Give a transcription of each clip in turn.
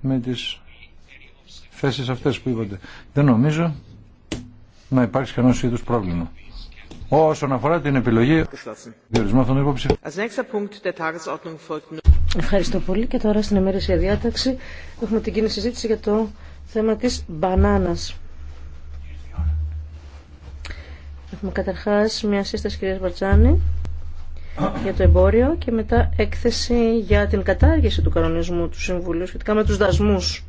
με τις θέσεις αυτές που είπατε. Δεν νομίζω να υπάρξει κανένα είδους πρόβλημα. Όσον αφορά την επιλογή διορισμό των υποψηφίων. Ευχαριστώ πολύ και τώρα στην εμέρεση διάταξη έχουμε την κοινή συζήτηση για το θέμα της μπανάνας. Έχουμε καταρχάς μια σύσταση κυρίας Βαρτζάνη για το εμπόριο και μετά έκθεση για την κατάργηση του κανονισμού του Συμβουλίου σχετικά με τους δασμούς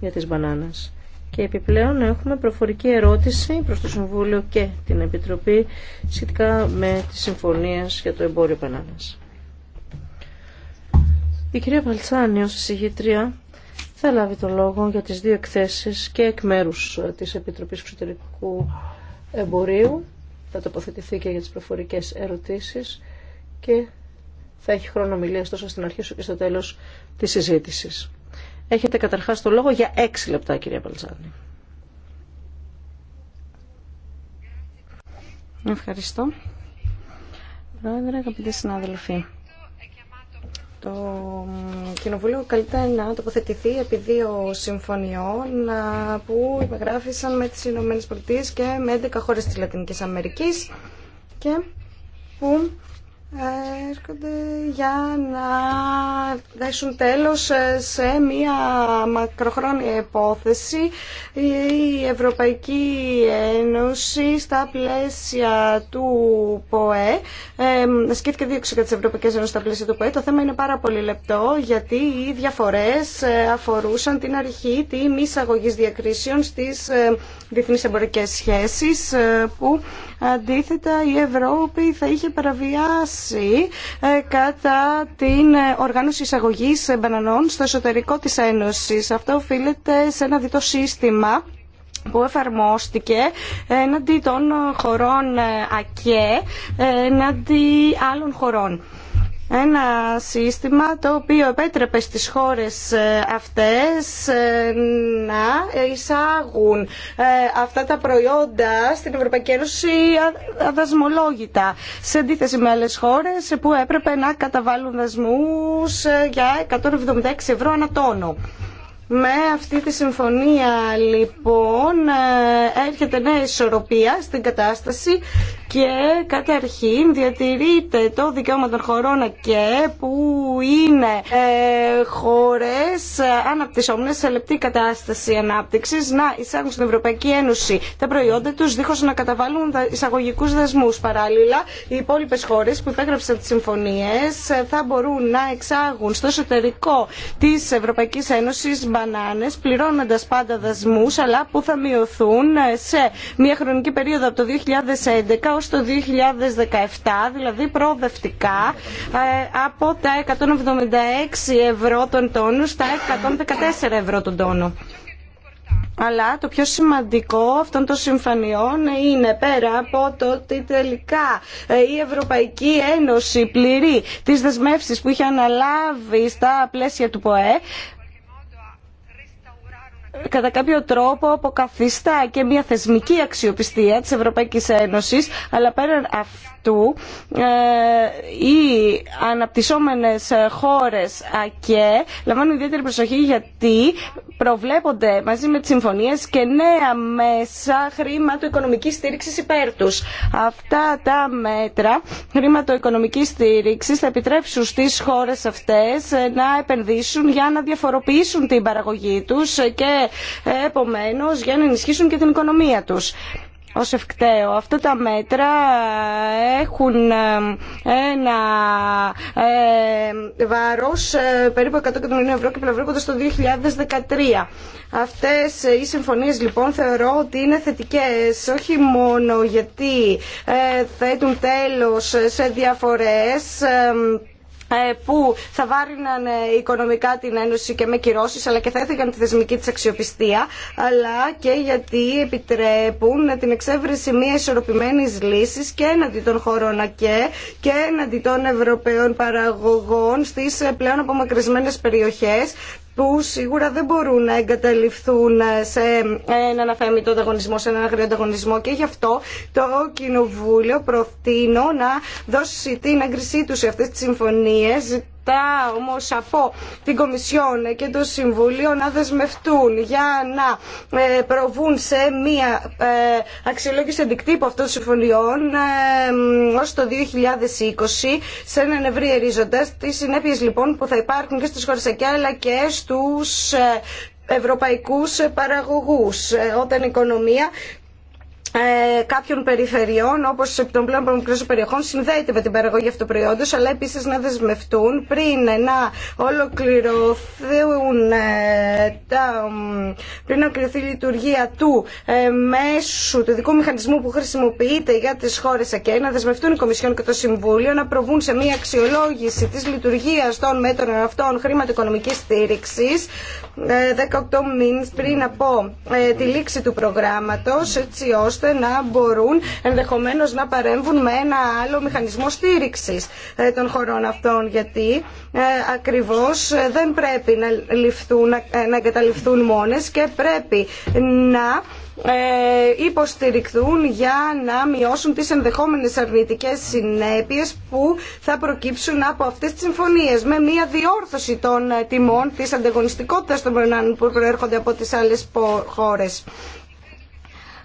για τις μπανάνες. Και επιπλέον έχουμε προφορική ερώτηση προς το Συμβούλιο και την Επιτροπή σχετικά με τις συμφωνίες για το εμπόριο μπανάνες. Η κυρία Παλτσάνη ως εισηγήτρια θα λάβει το λόγο για τις δύο εκθέσεις και εκ μέρους της Επιτροπής Εξωτερικού Εμπορίου. Θα τοποθετηθεί και για τις προφορικές ερωτήσεις και θα έχει χρόνο ομιλία τόσο στην αρχή σου και στο τέλο τη συζήτηση. Έχετε καταρχάς το λόγο για έξι λεπτά κυρία Παλτζάνη. Ευχαριστώ. Πρόεδρε, αγαπητοί συνάδελφοι. Το Κοινοβούλιο καλύτερα να τοποθετηθεί επί δύο συμφωνιών που υπεγράφησαν με τις Ηνωμένες Πολιτείες και με 11 χώρες της Λατινικής Αμερικής και που έρχονται για να δέσουν τέλος σε μια μακροχρόνια υπόθεση. Η Ευρωπαϊκή Ένωση στα πλαίσια του ΠΟΕ ε, σκέφτηκε δίωξη για της ευρωπαϊκές Ένωσης στα πλαίσια του ΠΟΕ. Το θέμα είναι πάρα πολύ λεπτό γιατί οι διαφορές ε, αφορούσαν την αρχή τη μη εισαγωγή διακρίσεων στις ε, διεθνεί Εμπορικέ σχέσεις ε, που αντίθετα η Ευρώπη θα είχε παραβιάσει ε, κατά την ε, οργάνωση εισαγωγή μπανανών στο εσωτερικό της Ένωσης. Αυτό οφείλεται σε ένα διτό σύστημα που εφαρμόστηκε εναντί των χωρών ΑΚΕ, εναντί άλλων χωρών ένα σύστημα το οποίο επέτρεπε στις χώρες ε, αυτές ε, να εισάγουν ε, αυτά τα προϊόντα στην Ευρωπαϊκή Ένωση αδασμολόγητα σε αντίθεση με άλλες χώρες που έπρεπε να καταβάλουν δασμούς για 176 ευρώ ανά τόνο. Με αυτή τη συμφωνία λοιπόν ε, έρχεται νέα ισορροπία στην κατάσταση και καταρχήν διατηρείται το δικαίωμα των χωρών και που είναι ε, χώρες αναπτυσσόμενες σε λεπτή κατάσταση ανάπτυξης να εισάγουν στην Ευρωπαϊκή Ένωση τα προϊόντα τους δίχως να καταβάλουν εισαγωγικού δεσμούς. Παράλληλα, οι υπόλοιπε χώρες που υπέγραψαν τις συμφωνίες ε, θα μπορούν να εξάγουν στο εσωτερικό της Ευρωπαϊκής Ένωσης μπανάνες πληρώνοντας πάντα δασμούς αλλά που θα μειωθούν ε, σε μια χρονική περίοδο από το 2011 ως το 2017 δηλαδή προοδευτικά ε, από τα 176 ευρώ τον τόνο στα 114 ευρώ τον τόνο. Αλλά το πιο σημαντικό αυτών των συμφανιών είναι πέρα από το ότι τελικά ε, η Ευρωπαϊκή Ένωση πληρεί τις δεσμεύσεις που είχε αναλάβει στα πλαίσια του ΠΟΕ κατά κάποιο τρόπο αποκαθιστά και μια θεσμική αξιοπιστία της Ευρωπαϊκής Ένωσης, αλλά πέραν αυτού ε, οι αναπτυσσόμενες χώρες ΑΚΕ λαμβάνουν ιδιαίτερη προσοχή γιατί προβλέπονται μαζί με τις συμφωνίες και νέα μέσα χρηματοοικονομικής στήριξης υπέρ τους. Αυτά τα μέτρα χρηματοοικονομικής στήριξης θα επιτρέψουν στις χώρες αυτές να επενδύσουν για να διαφοροποιήσουν την παραγωγή τους Επομένω, επομένως για να ενισχύσουν και την οικονομία τους ως ευκταίο. Αυτά τα μέτρα έχουν ε, ένα ε, βάρος ε, περίπου 100 εκατομμυρίων ευρώ και πλευρέποντας το 2013. Αυτές οι συμφωνίες λοιπόν θεωρώ ότι είναι θετικές όχι μόνο γιατί ε, θέτουν τέλος σε διαφορές ε, που θα βάρυναν ε, οικονομικά την Ένωση και με κυρώσει, αλλά και θα έθεγαν τη θεσμική τη αξιοπιστία, αλλά και γιατί επιτρέπουν την εξέβρεση μια ισορροπημένη λύση και έναντι των χωρών ΑΚΕ και έναντι των Ευρωπαίων παραγωγών στι ε, πλέον απομακρυσμένε περιοχέ που σίγουρα δεν μπορούν να εγκαταλειφθούν σε έναν αφέμητο ανταγωνισμό, σε έναν αγριό ανταγωνισμό και γι' αυτό το Κοινοβούλιο προτείνω να δώσει την έγκρισή του σε αυτές τις συμφωνίες τα όμως από την Κομισιόν και το Συμβουλίο να δεσμευτούν για να ε, προβούν σε μία ε, αξιολόγηση αντικτύπου αυτών των συμφωνιών ε, ως το 2020 σε έναν ευρύ ερίζοντα τις συνέπειες λοιπόν που θα υπάρχουν και στις χώρες εκεί αλλά και στους ευρωπαϊκούς παραγωγούς όταν η οικονομία ε, κάποιων περιφερειών, όπω των πλέον μικρών περιοχών, συνδέεται με την παραγωγή αυτοπροϊόντο, αλλά επίση να δεσμευτούν πριν να ολοκληρωθούν ε, τα, πριν να ολοκληρωθεί η λειτουργία του ε, μέσου, του δικού μηχανισμού που χρησιμοποιείται για τι χώρε ΑΚΕ, να δεσμευτούν η Κομισιόν και το Συμβούλιο να προβούν σε μια αξιολόγηση τη λειτουργία των μέτρων αυτών χρηματοοικονομική στήριξη 18 ε, μήνε πριν από ε, τη λήξη του προγράμματο, έτσι ώστε να μπορούν ενδεχομένως να παρέμβουν με ένα άλλο μηχανισμό στήριξης ε, των χωρών αυτών γιατί ε, ακριβώς ε, δεν πρέπει να, ληφθούν, να μόνες και πρέπει να υποστηριχθούν για να μειώσουν τις ενδεχόμενες αρνητικές συνέπειες που θα προκύψουν από αυτές τις συμφωνίες με μια διόρθωση των τιμών της ανταγωνιστικότητας των που προέρχονται από τις άλλες χώρες.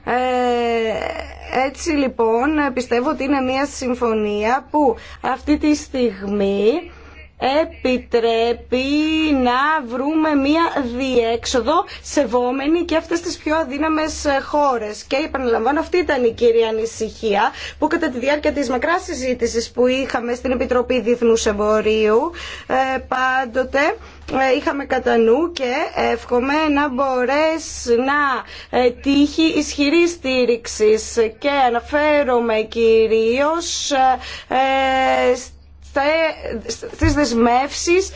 Ε, έτσι λοιπόν πιστεύω ότι είναι μια συμφωνία που αυτή τη στιγμή επιτρέπει να βρούμε μία διέξοδο σεβόμενη και αυτές τις πιο αδύναμες χώρες. Και επαναλαμβάνω, αυτή ήταν η κύρια ανησυχία που κατά τη διάρκεια της μακράς συζήτηση που είχαμε στην Επιτροπή Διεθνούς Εμπορίου ε, πάντοτε ε, είχαμε κατά νου και εύχομαι να μπορέσει να ε, τύχει ισχυρή στήριξη και αναφέρομαι κυρίως ε, στις δεσμεύσεις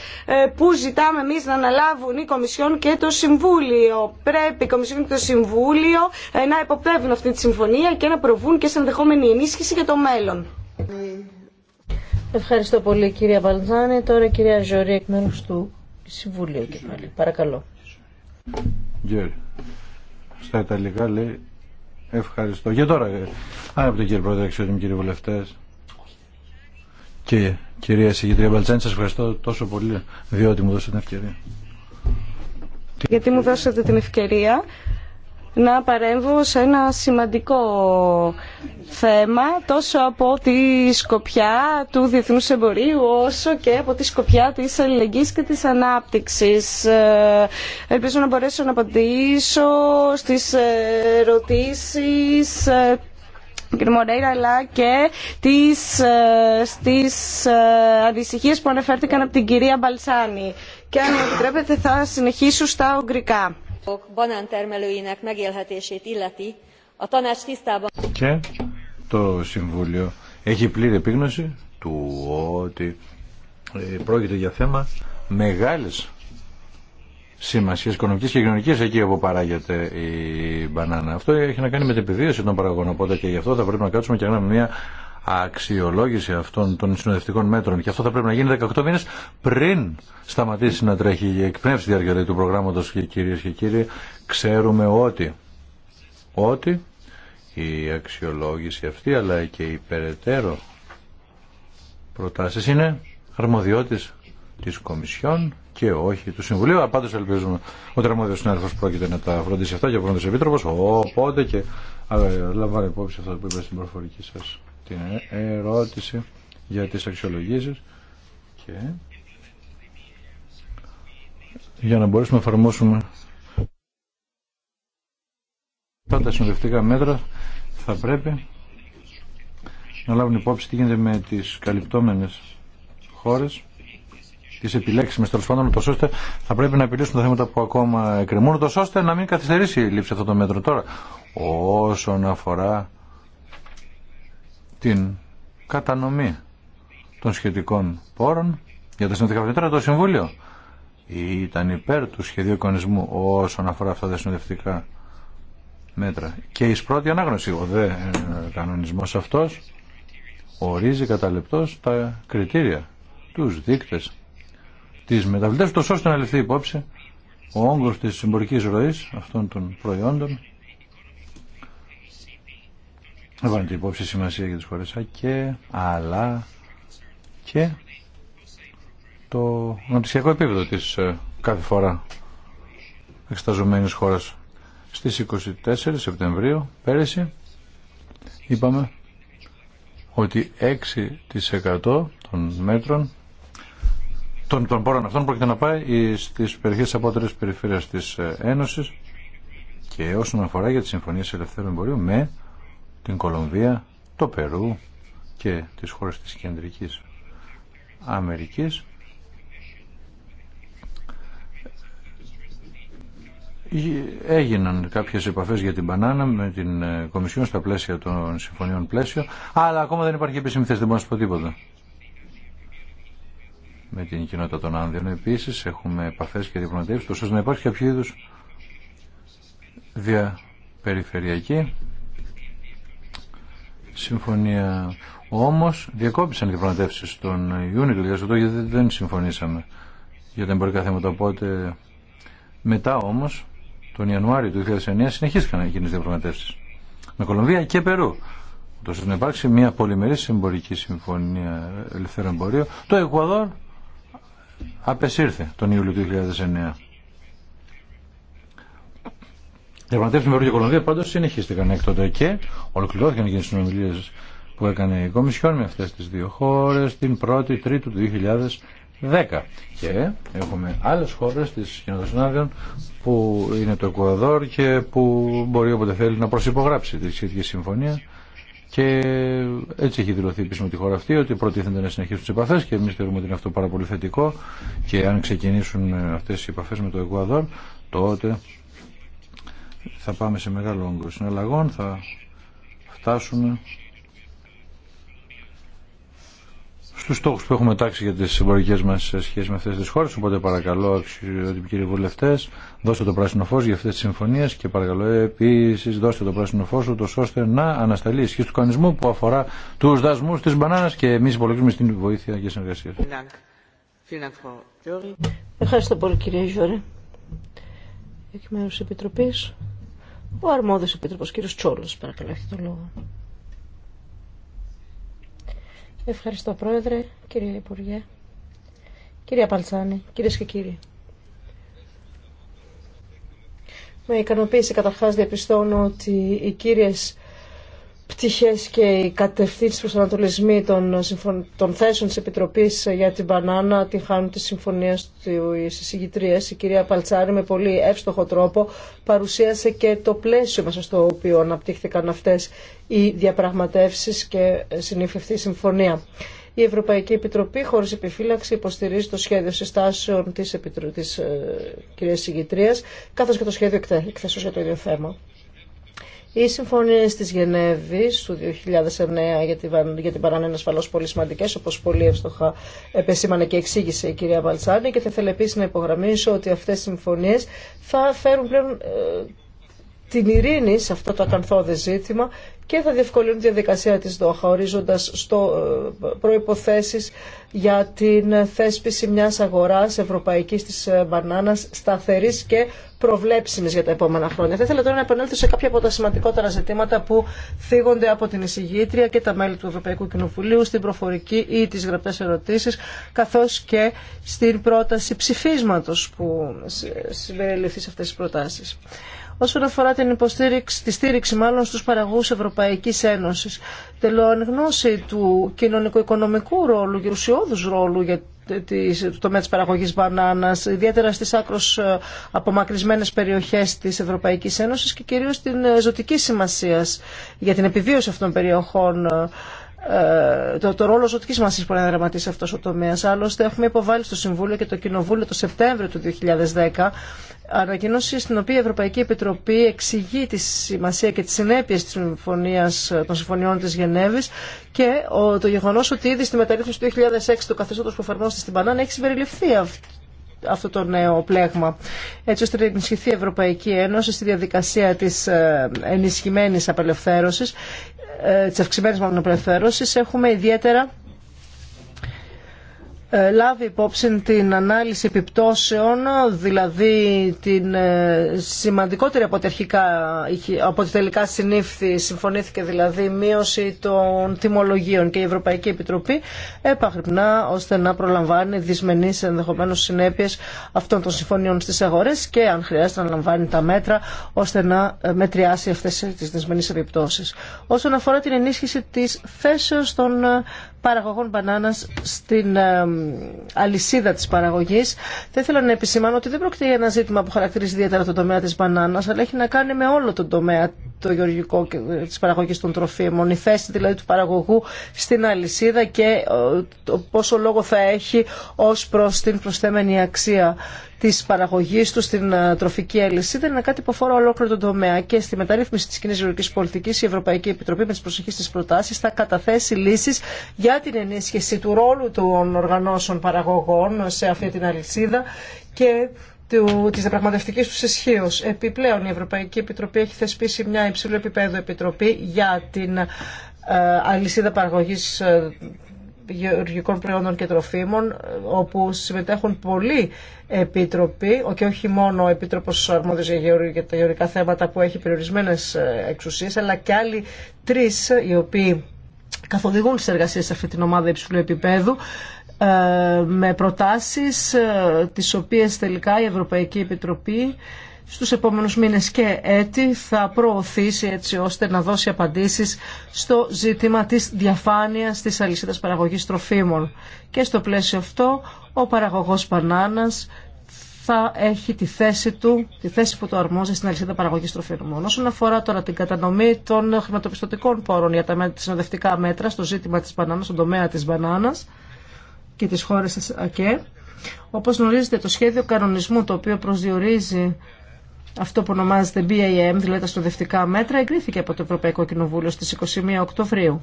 που ζητάμε εμείς να αναλάβουν η Κομισιόν και το Συμβούλιο. Πρέπει η Κομισιόν και το Συμβούλιο να υποπτεύουν αυτή τη συμφωνία και να προβούν και σε ενδεχόμενη ενίσχυση για το μέλλον. Ευχαριστώ πολύ κυρία Μπαλτζάνη. Τώρα κυρία Ζωρή εκ του Συμβούλιο και πάλι. Παρακαλώ. Γερ. Στα Ιταλικά λέει ευχαριστώ. Για τώρα, ε, τον κύριο Πρόεδρε, αξιότιμοι κύριοι βουλευτέ και κυρία Συγγετρία Μπαλτσάνη, σα ευχαριστώ τόσο πολύ διότι μου δώσατε την ευκαιρία. Γιατί μου δώσατε την ευκαιρία να παρέμβω σε ένα σημαντικό θέμα τόσο από τη σκοπιά του διεθνούς εμπορίου όσο και από τη σκοπιά της αλληλεγγύης και της ανάπτυξης. Ε, ελπίζω να μπορέσω να απαντήσω στις ερωτήσεις ε, κ. Μορέιρα αλλά και τις, ε, στις ανησυχίες που αναφέρθηκαν από την κυρία Μπαλσάνη. Και αν επιτρέπετε θα συνεχίσω στα ογκρικά. Και το Συμβούλιο έχει πλήρη επίγνωση του ότι ε, πρόκειται για θέμα μεγάλης σημασίας οικονομικής και κοινωνικής εκεί όπου παράγεται η μπανάνα. Αυτό έχει να κάνει με την επιβίωση των παραγωγών, οπότε και γι' αυτό θα πρέπει να κάτσουμε και να κάνουμε μια αξιολόγηση αυτών των συνοδευτικών μέτρων και αυτό θα πρέπει να γίνει 18 μήνες πριν σταματήσει να τρέχει η εκπνεύση διάρκεια του προγράμματος και κυρίες και κύριοι ξέρουμε ότι ότι η αξιολόγηση αυτή αλλά και η περαιτέρω προτάσεις είναι αρμοδιότης της Κομισιόν και όχι του Συμβουλίου. πάντως ελπίζουμε ότι ο αρμόδιο συνάδελφο πρόκειται να τα φροντίσει αυτά και ο πρώτο επίτροπο. Οπότε και ε, λαμβάνω υπόψη αυτό που είπα στην προφορική σα την ερώτηση για τις αξιολογήσεις και για να μπορέσουμε να εφαρμόσουμε τα συνοδευτικά μέτρα θα πρέπει να λάβουν υπόψη τι γίνεται με τις καλυπτόμενες χώρες τι επιλέξιμε τέλο πάντων, τόσο ώστε θα πρέπει να επιλύσουν τα θέματα που ακόμα εκκρεμούν, ώστε να μην καθυστερήσει η λήψη αυτό το μέτρο Τώρα, όσον αφορά την κατανομή των σχετικών πόρων για τα συνοδευτικά μέτρα το Συμβούλιο ήταν υπέρ του σχεδίου εικονισμού όσον αφορά αυτά τα συνοδευτικά μέτρα. Και η πρώτη ανάγνωση, ο δε ε, κανονισμός αυτός ορίζει κατά τα κριτήρια, τους δείκτες, τις μεταβλητές, τόσο ώστε να ληφθεί υπόψη ο όγκος της συμπορικής ροής αυτών των προϊόντων την υπόψη σημασία για τις χώρες και αλλά και το νοτισιακό επίπεδο της ε, κάθε φορά εξεταζομένης χώρας. Στις 24 Σεπτεμβρίου πέρυσι είπαμε ότι 6% των μέτρων των, των πόρων αυτών πρόκειται να πάει στις περιοχές απότερες περιφέρειας της ε, Ένωσης και όσον αφορά για τις συμφωνίες ελευθερών εμπορίου με την Κολομβία, το Περού και τις χώρες της Κεντρικής Αμερικής έγιναν κάποιες επαφές για την μπανάνα με την ε, Κομισιόν στα πλαίσια των συμφωνιών πλαίσιο αλλά ακόμα δεν υπάρχει επίσημη θέση, δεν μπορώ να σου πω τίποτα με την κοινότητα των Άνδρων επίσης έχουμε επαφές και διπλωματεύσεις ώστε να υπάρχει κάποιο είδους διαπεριφερειακή συμφωνία. Όμω διακόπησαν οι διαπραγματεύσει τον Ιούνιο του 2008 γιατί δεν συμφωνήσαμε για τα εμπορικά θέματα. Οπότε μετά όμω, τον Ιανουάριο του 2009 συνεχίστηκαν οι διαπραγματεύσει με Κολομβία και Περού. Τόσο να υπάρξει μια πολυμερή εμπορική συμφωνία ελευθέρω εμπορίου. Το Εκουαδόρ απεσύρθε τον Ιούλιο του 2009 διαπραγματεύσει με Περού και Κολομβία πάντω συνεχίστηκαν εκ τότε και ολοκληρώθηκαν και οι συνομιλίε που έκανε η Κομισιόν με αυτέ τι δύο χώρε την 1η Τρίτου του 2010. Και έχουμε άλλε χώρε τη Κοινοδοσυνάδεων που είναι το Εκουαδόρ και που μπορεί όποτε θέλει να προσυπογράψει τη σχετική συμφωνία. Και έτσι έχει δηλωθεί επίσημα τη χώρα αυτή ότι προτίθενται να συνεχίσουν τι επαφέ και εμεί θεωρούμε ότι είναι αυτό πάρα πολύ θετικό. Και αν ξεκινήσουν αυτέ οι επαφέ με το Εκουαδόρ, τότε θα πάμε σε μεγάλο όγκο συναλλαγών, θα φτάσουμε στους στόχους που έχουμε τάξει για τις εμπορικές μας σχέσεις με αυτές τις χώρες, οπότε παρακαλώ αξιότιμοι κύριοι βουλευτές, δώστε το πράσινο φως για αυτές τις συμφωνίες και παρακαλώ επίσης δώστε το πράσινο φως ούτως ώστε να ανασταλεί η σχέση του κανονισμού που αφορά τους δασμούς της μπανάνας και εμείς υπολογίζουμε στην βοήθεια και συνεργασία. Ευχαριστώ πολύ κύριε Γιώρη Εκ μέρους Επιτροπής. Ο αρμόδιο επίτροπος, κύριος Τσόλος, παρακαλώ, έχει το λόγο. Ευχαριστώ, Πρόεδρε, κύριε Υπουργέ, κυρία Παλτσάνη, κυρίες και κύριοι. Με ικανοποίηση καταρχάς διαπιστώνω ότι οι κύριες Πτυχε και οι κατευθύνσεις τον των, των θέσεων τη Επιτροπή για την Μπανάνα την χάνουν τη συμφωνία της εισηγητρίας. Η κυρία Παλτσάρη με πολύ εύστοχο τρόπο παρουσίασε και το πλαίσιο μέσα στο οποίο αναπτύχθηκαν αυτέ οι διαπραγματεύσει και συνήφθη η συμφωνία. Η Ευρωπαϊκή Επιτροπή, χωρί επιφύλαξη, υποστηρίζει το σχέδιο συστάσεων τη ε, κυρία Συγητρία, καθώ και το σχέδιο εκθέσεω για το ίδιο θέμα. Οι συμφωνίε τη Γενέβη του 2009 για την παρανένα ασφαλώ πολύ σημαντικέ, όπω πολύ εύστοχα επεσήμανε και εξήγησε η κυρία Βαλτσάνη, και θα ήθελα επίση να υπογραμμίσω ότι αυτέ οι συμφωνίε θα φέρουν πλέον ε, την ειρήνη σε αυτό το ακαθόδε ζήτημα και θα διευκολύνουν τη διαδικασία της ΔΟΧΑ, ορίζοντας στο ε, προϋποθέσεις για την θέσπιση μιας αγοράς ευρωπαϊκής της ε, μπανάνας σταθερής και προβλέψιμης για τα επόμενα χρόνια. Θα ήθελα τώρα να επανέλθω σε κάποια από τα σημαντικότερα ζητήματα που θίγονται από την εισηγήτρια και τα μέλη του Ευρωπαϊκού Κοινοβουλίου στην προφορική ή τις γραπτές ερωτήσεις καθώς και στην πρόταση ψηφίσματος που συμπεριληφθεί σε αυτές τις προτάσεις όσον αφορά την υποστήριξη, τη στήριξη μάλλον στους παραγωγούς Ευρωπαϊκής Ένωσης. Τελώ γνώση του κοινωνικο-οικονομικού ρόλου και ρόλου για το τομέα τη παραγωγής μπανάνας, ιδιαίτερα στι άκρο ε, απομακρυσμένε περιοχέ της Ευρωπαϊκής Ένωσης και κυρίως την ε, ζωτική σημασία για την επιβίωση αυτών των περιοχών ε, ε, το, το ρόλο ζωτική μπορεί που δραματίσει αυτό ο τομέα. Άλλωστε, έχουμε υποβάλει στο Συμβούλιο και το Κοινοβούλιο το Σεπτέμβριο του 2010 ανακοίνωση στην οποία η Ευρωπαϊκή Επιτροπή εξηγεί τη σημασία και τι συνέπειε των συμφωνιών τη Γενέβη και το γεγονό ότι ήδη στη μεταρρύθμιση του 2006 το καθεστώτο που εφαρμόζεται στην Πανάνα έχει συμπεριληφθεί αυτό το νέο πλέγμα. Έτσι ώστε να ενισχυθεί η Ευρωπαϊκή Ένωση στη διαδικασία της ε, ενισχυμένης απελευθέρωσης ε, της αυξημένης μονοπλευθέρωσης έχουμε ιδιαίτερα ε, λάβει υπόψη την ανάλυση επιπτώσεων, δηλαδή την ε, σημαντικότερη από, ό,τι τελικά συνήφθη, συμφωνήθηκε δηλαδή μείωση των τιμολογίων και η Ευρωπαϊκή Επιτροπή επαγρυπνά ώστε να προλαμβάνει δυσμενείς ενδεχομένως συνέπειες αυτών των συμφωνιών στις αγορές και αν χρειάζεται να λαμβάνει τα μέτρα ώστε να ε, μετριάσει αυτές τις δυσμενείς επιπτώσεις. Όσον αφορά την ενίσχυση της θέσεως των παραγωγών μπανάνας στην αλυσίδα της παραγωγής. Θα ήθελα να επισημάνω ότι δεν πρόκειται για ένα ζήτημα που χαρακτηρίζει ιδιαίτερα το τομέα της μπανάνας, αλλά έχει να κάνει με όλο τον τομέα το γεωργικό ε, της παραγωγής των τροφίμων, η θέση δηλαδή του παραγωγού στην αλυσίδα και ε, πόσο λόγο θα έχει ως προς την προσθέμενη αξία τη παραγωγή του στην ε, τροφική αλυσίδα είναι κάτι που αφορά ολόκληρο τον τομέα και στη μεταρρύθμιση τη κοινή γεωργική Πολιτική, η Ευρωπαϊκή Επιτροπή με τις προσοχές της προτάσεις θα καταθέσει λύσει για την ενίσχυση του ρόλου των οργανώσεων παραγωγών σε αυτή την αλυσίδα και Τη της του τους ισχύω. Επιπλέον η Ευρωπαϊκή Επιτροπή έχει θεσπίσει μια υψηλού επιπέδου επιτροπή για την ε, αλυσίδα παραγωγής ε, γεωργικών προϊόντων και τροφίμων, ε, όπου συμμετέχουν πολλοί επίτροποι, και όχι μόνο ο Επίτροπος Αρμόδιο για τα γεωργικά θέματα που έχει περιορισμένες εξουσίε, αλλά και άλλοι τρει οι οποίοι καθοδηγούν τις εργασίε σε αυτή την ομάδα υψηλού επίπεδου. Ε, με προτάσεις ε, τις οποίες τελικά η Ευρωπαϊκή Επιτροπή στους επόμενους μήνες και έτη θα προωθήσει έτσι ώστε να δώσει απαντήσεις στο ζήτημα της διαφάνειας της αλυσίδας παραγωγής τροφίμων. Και στο πλαίσιο αυτό ο παραγωγός πανάνας θα έχει τη θέση του, τη θέση που το αρμόζει στην αλυσίδα παραγωγή τροφίμων. Όσον αφορά τώρα την κατανομή των χρηματοπιστωτικών πόρων για τα συνοδευτικά μέτρα στο ζήτημα τη μπανάνα, στον τομέα τη μπανάνα, και τις χώρες της ΑΚΕ. Όπως γνωρίζετε το σχέδιο κανονισμού το οποίο προσδιορίζει αυτό που ονομάζεται BAM, δηλαδή τα στοδευτικά μέτρα, εγκρίθηκε από το Ευρωπαϊκό Κοινοβούλιο στις 21 Οκτωβρίου.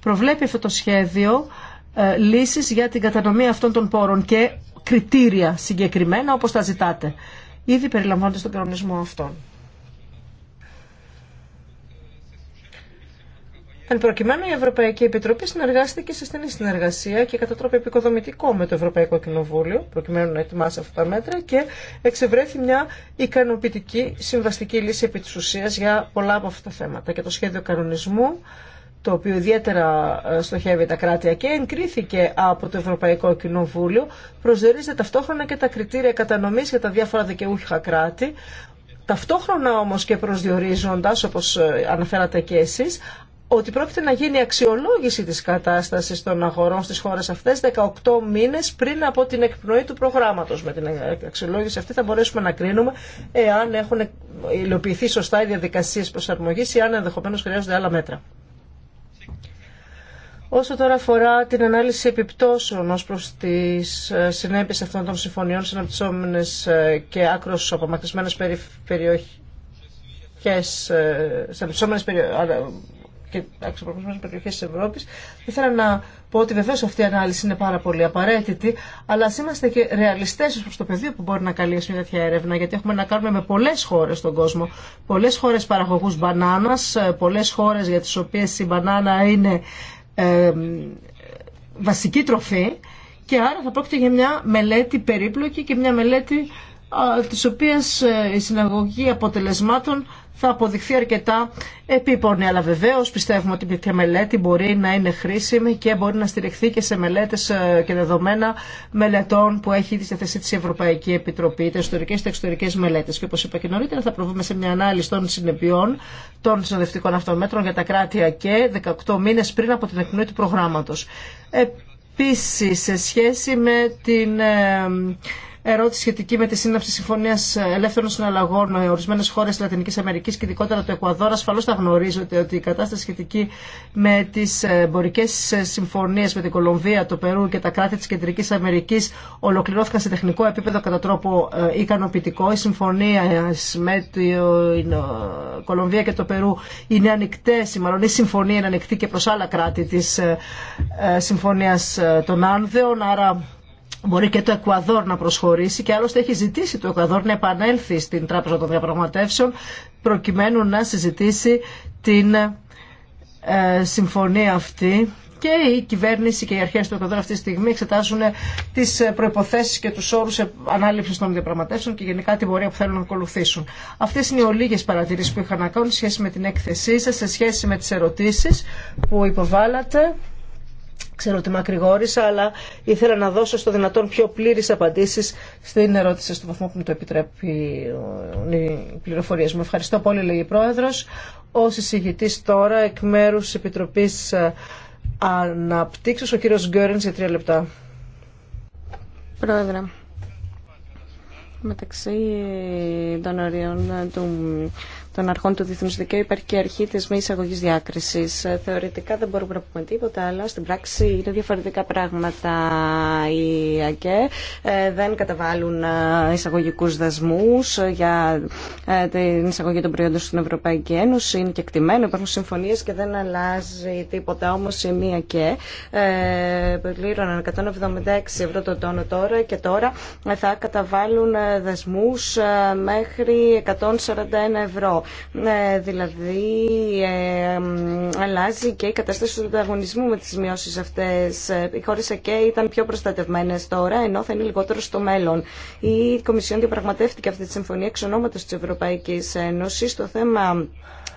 Προβλέπει αυτό το σχέδιο ε, λύσεις για την κατανομή αυτών των πόρων και κριτήρια συγκεκριμένα όπως τα ζητάτε. Ήδη περιλαμβάνονται στον κανονισμό αυτών. Εν προκειμένου η Ευρωπαϊκή Επιτροπή συνεργάστηκε σε στενή συνεργασία και κατά τρόπο επικοδομητικό με το Ευρωπαϊκό Κοινοβούλιο, προκειμένου να ετοιμάσει αυτά τα μέτρα και εξευρέθη μια ικανοποιητική συμβαστική λύση επί τη ουσία για πολλά από αυτά τα θέματα. Και το σχέδιο κανονισμού, το οποίο ιδιαίτερα ε, στοχεύει τα κράτη, και εγκρίθηκε από το Ευρωπαϊκό Κοινοβούλιο, προσδιορίζεται ταυτόχρονα και τα κριτήρια κατανομή για τα διάφορα δικαιούχα κράτη, ταυτόχρονα όμως και προσδιορίζοντας, όπως ε, αναφέρατε και εσείς, ότι πρόκειται να γίνει αξιολόγηση της κατάστασης των αγορών στις χώρες αυτές 18 μήνες πριν από την εκπνοή του προγράμματος. Με την αξιολόγηση αυτή θα μπορέσουμε να κρίνουμε εάν έχουν υλοποιηθεί σωστά οι διαδικασίες προσαρμογής ή αν ενδεχομένως χρειάζονται άλλα μέτρα. Όσο τώρα αφορά την ανάλυση επιπτώσεων ως προς τις ε, συνέπειες αυτών των συμφωνιών σε και άκρως απομακρυσμένες περιοχές, και αξιοπροπισμένε περιοχέ τη Ευρώπη. Ήθελα να πω ότι βεβαίω αυτή η ανάλυση είναι πάρα πολύ απαραίτητη, αλλά α είμαστε και ρεαλιστέ προ το πεδίο που μπορεί να καλύψει μια τέτοια έρευνα, γιατί έχουμε να κάνουμε με πολλές χώρες στον κόσμο. Πολλές χώρες παραγωγού μπανάνας, πολλές χώρες για τις οποίες η μπανάνα είναι ε, βασική τροφή. Και άρα θα πρόκειται για μια μελέτη περίπλοκη και μια μελέτη της οποίας ε, η συναγωγή αποτελεσμάτων θα αποδειχθεί αρκετά επίπονη. Αλλά βεβαίω πιστεύουμε ότι μια μελέτη μπορεί να είναι χρήσιμη και μπορεί να στηριχθεί και σε μελέτε ε, και δεδομένα μελετών που έχει τη θέση τη Ευρωπαϊκή Επιτροπή, είτε εσωτερικέ είτε εξωτερικέ μελέτε. Και όπω είπα και νωρίτερα, θα προβούμε σε μια ανάλυση των συνεπειών των συνοδευτικών αυτών μέτρων για τα κράτη και 18 μήνε πριν από την εκπνοή του προγράμματο. Επίση, σε σχέση με την ε, ερώτηση σχετική με τη σύναψη συμφωνία ελεύθερων συναλλαγών με ορισμένε χώρε τη Λατινική Αμερική και ειδικότερα του Εκουαδόρ. Ασφαλώ θα γνωρίζετε ότι η κατάσταση σχετική με τι εμπορικέ συμφωνίε με την Κολομβία, το Περού και τα κράτη τη Κεντρική Αμερική ολοκληρώθηκαν σε τεχνικό επίπεδο κατά τρόπο ε, ικανοποιητικό. Η συμφωνία με την ε, Κολομβία και το Περού είναι ανοιχτέ, μάλλον η συμφωνία είναι ανοιχτή και προ άλλα κράτη τη ε, συμφωνία των Άνδεων. Άρα Μπορεί και το Εκουαδόρ να προσχωρήσει και άλλωστε έχει ζητήσει το Εκουαδόρ να επανέλθει στην Τράπεζα των Διαπραγματεύσεων προκειμένου να συζητήσει την ε, συμφωνία αυτή και η κυβέρνηση και οι αρχέ του Εκουαδόρ αυτή τη στιγμή εξετάζουν τι προποθέσει και του όρου ανάληψη των διαπραγματεύσεων και γενικά την πορεία που θέλουν να ακολουθήσουν. Αυτέ είναι οι ολίγε παρατηρήσει που είχα να κάνω σε σχέση με την έκθεσή σα, σε σχέση με τι ερωτήσει που υποβάλλατε. Ξέρω ότι μακρηγόρησα, αλλά ήθελα να δώσω στο δυνατόν πιο πλήρε απαντήσεις στην ερώτηση στο βαθμό που μου το επιτρέπει οι πληροφορίες μου. Ευχαριστώ πολύ, λέει η Πρόεδρος. Ο εισηγητή τώρα εκ μέρου Επιτροπής ε, Αναπτύξεως, ο κύριο Γκέρνς για τρία λεπτά. Πρόεδρε, μεταξύ των ορίων του των αρχών του διεθνού δικαίου υπάρχει και η αρχή τη μη εισαγωγή διάκριση. Ε, θεωρητικά δεν μπορούμε να πούμε τίποτα, αλλά στην πράξη είναι διαφορετικά πράγματα. Οι ΑΚΕ ε, δεν καταβάλουν ε, εισαγωγικού δασμού για την εισαγωγή των προϊόντων στην Ευρωπαϊκή Ένωση. Είναι και υπάρχουν συμφωνίε και δεν αλλάζει τίποτα. Όμω η μία ΑΚΕ πλήρωναν 176 ευρώ το τόνο τώρα και τώρα θα καταβάλουν δασμού μέχρι 141 ευρώ. Ε, δηλαδή ε, αλλάζει και η κατάσταση του ανταγωνισμού με τις μειώσεις αυτές. Ε, οι χώρες εκει ήταν πιο προστατευμένες τώρα, ενώ θα είναι λιγότερο στο μέλλον. Η Κομισιόν διαπραγματεύτηκε αυτή τη συμφωνία εξ ονόματος της Ευρωπαϊκής Ένωσης. στο θέμα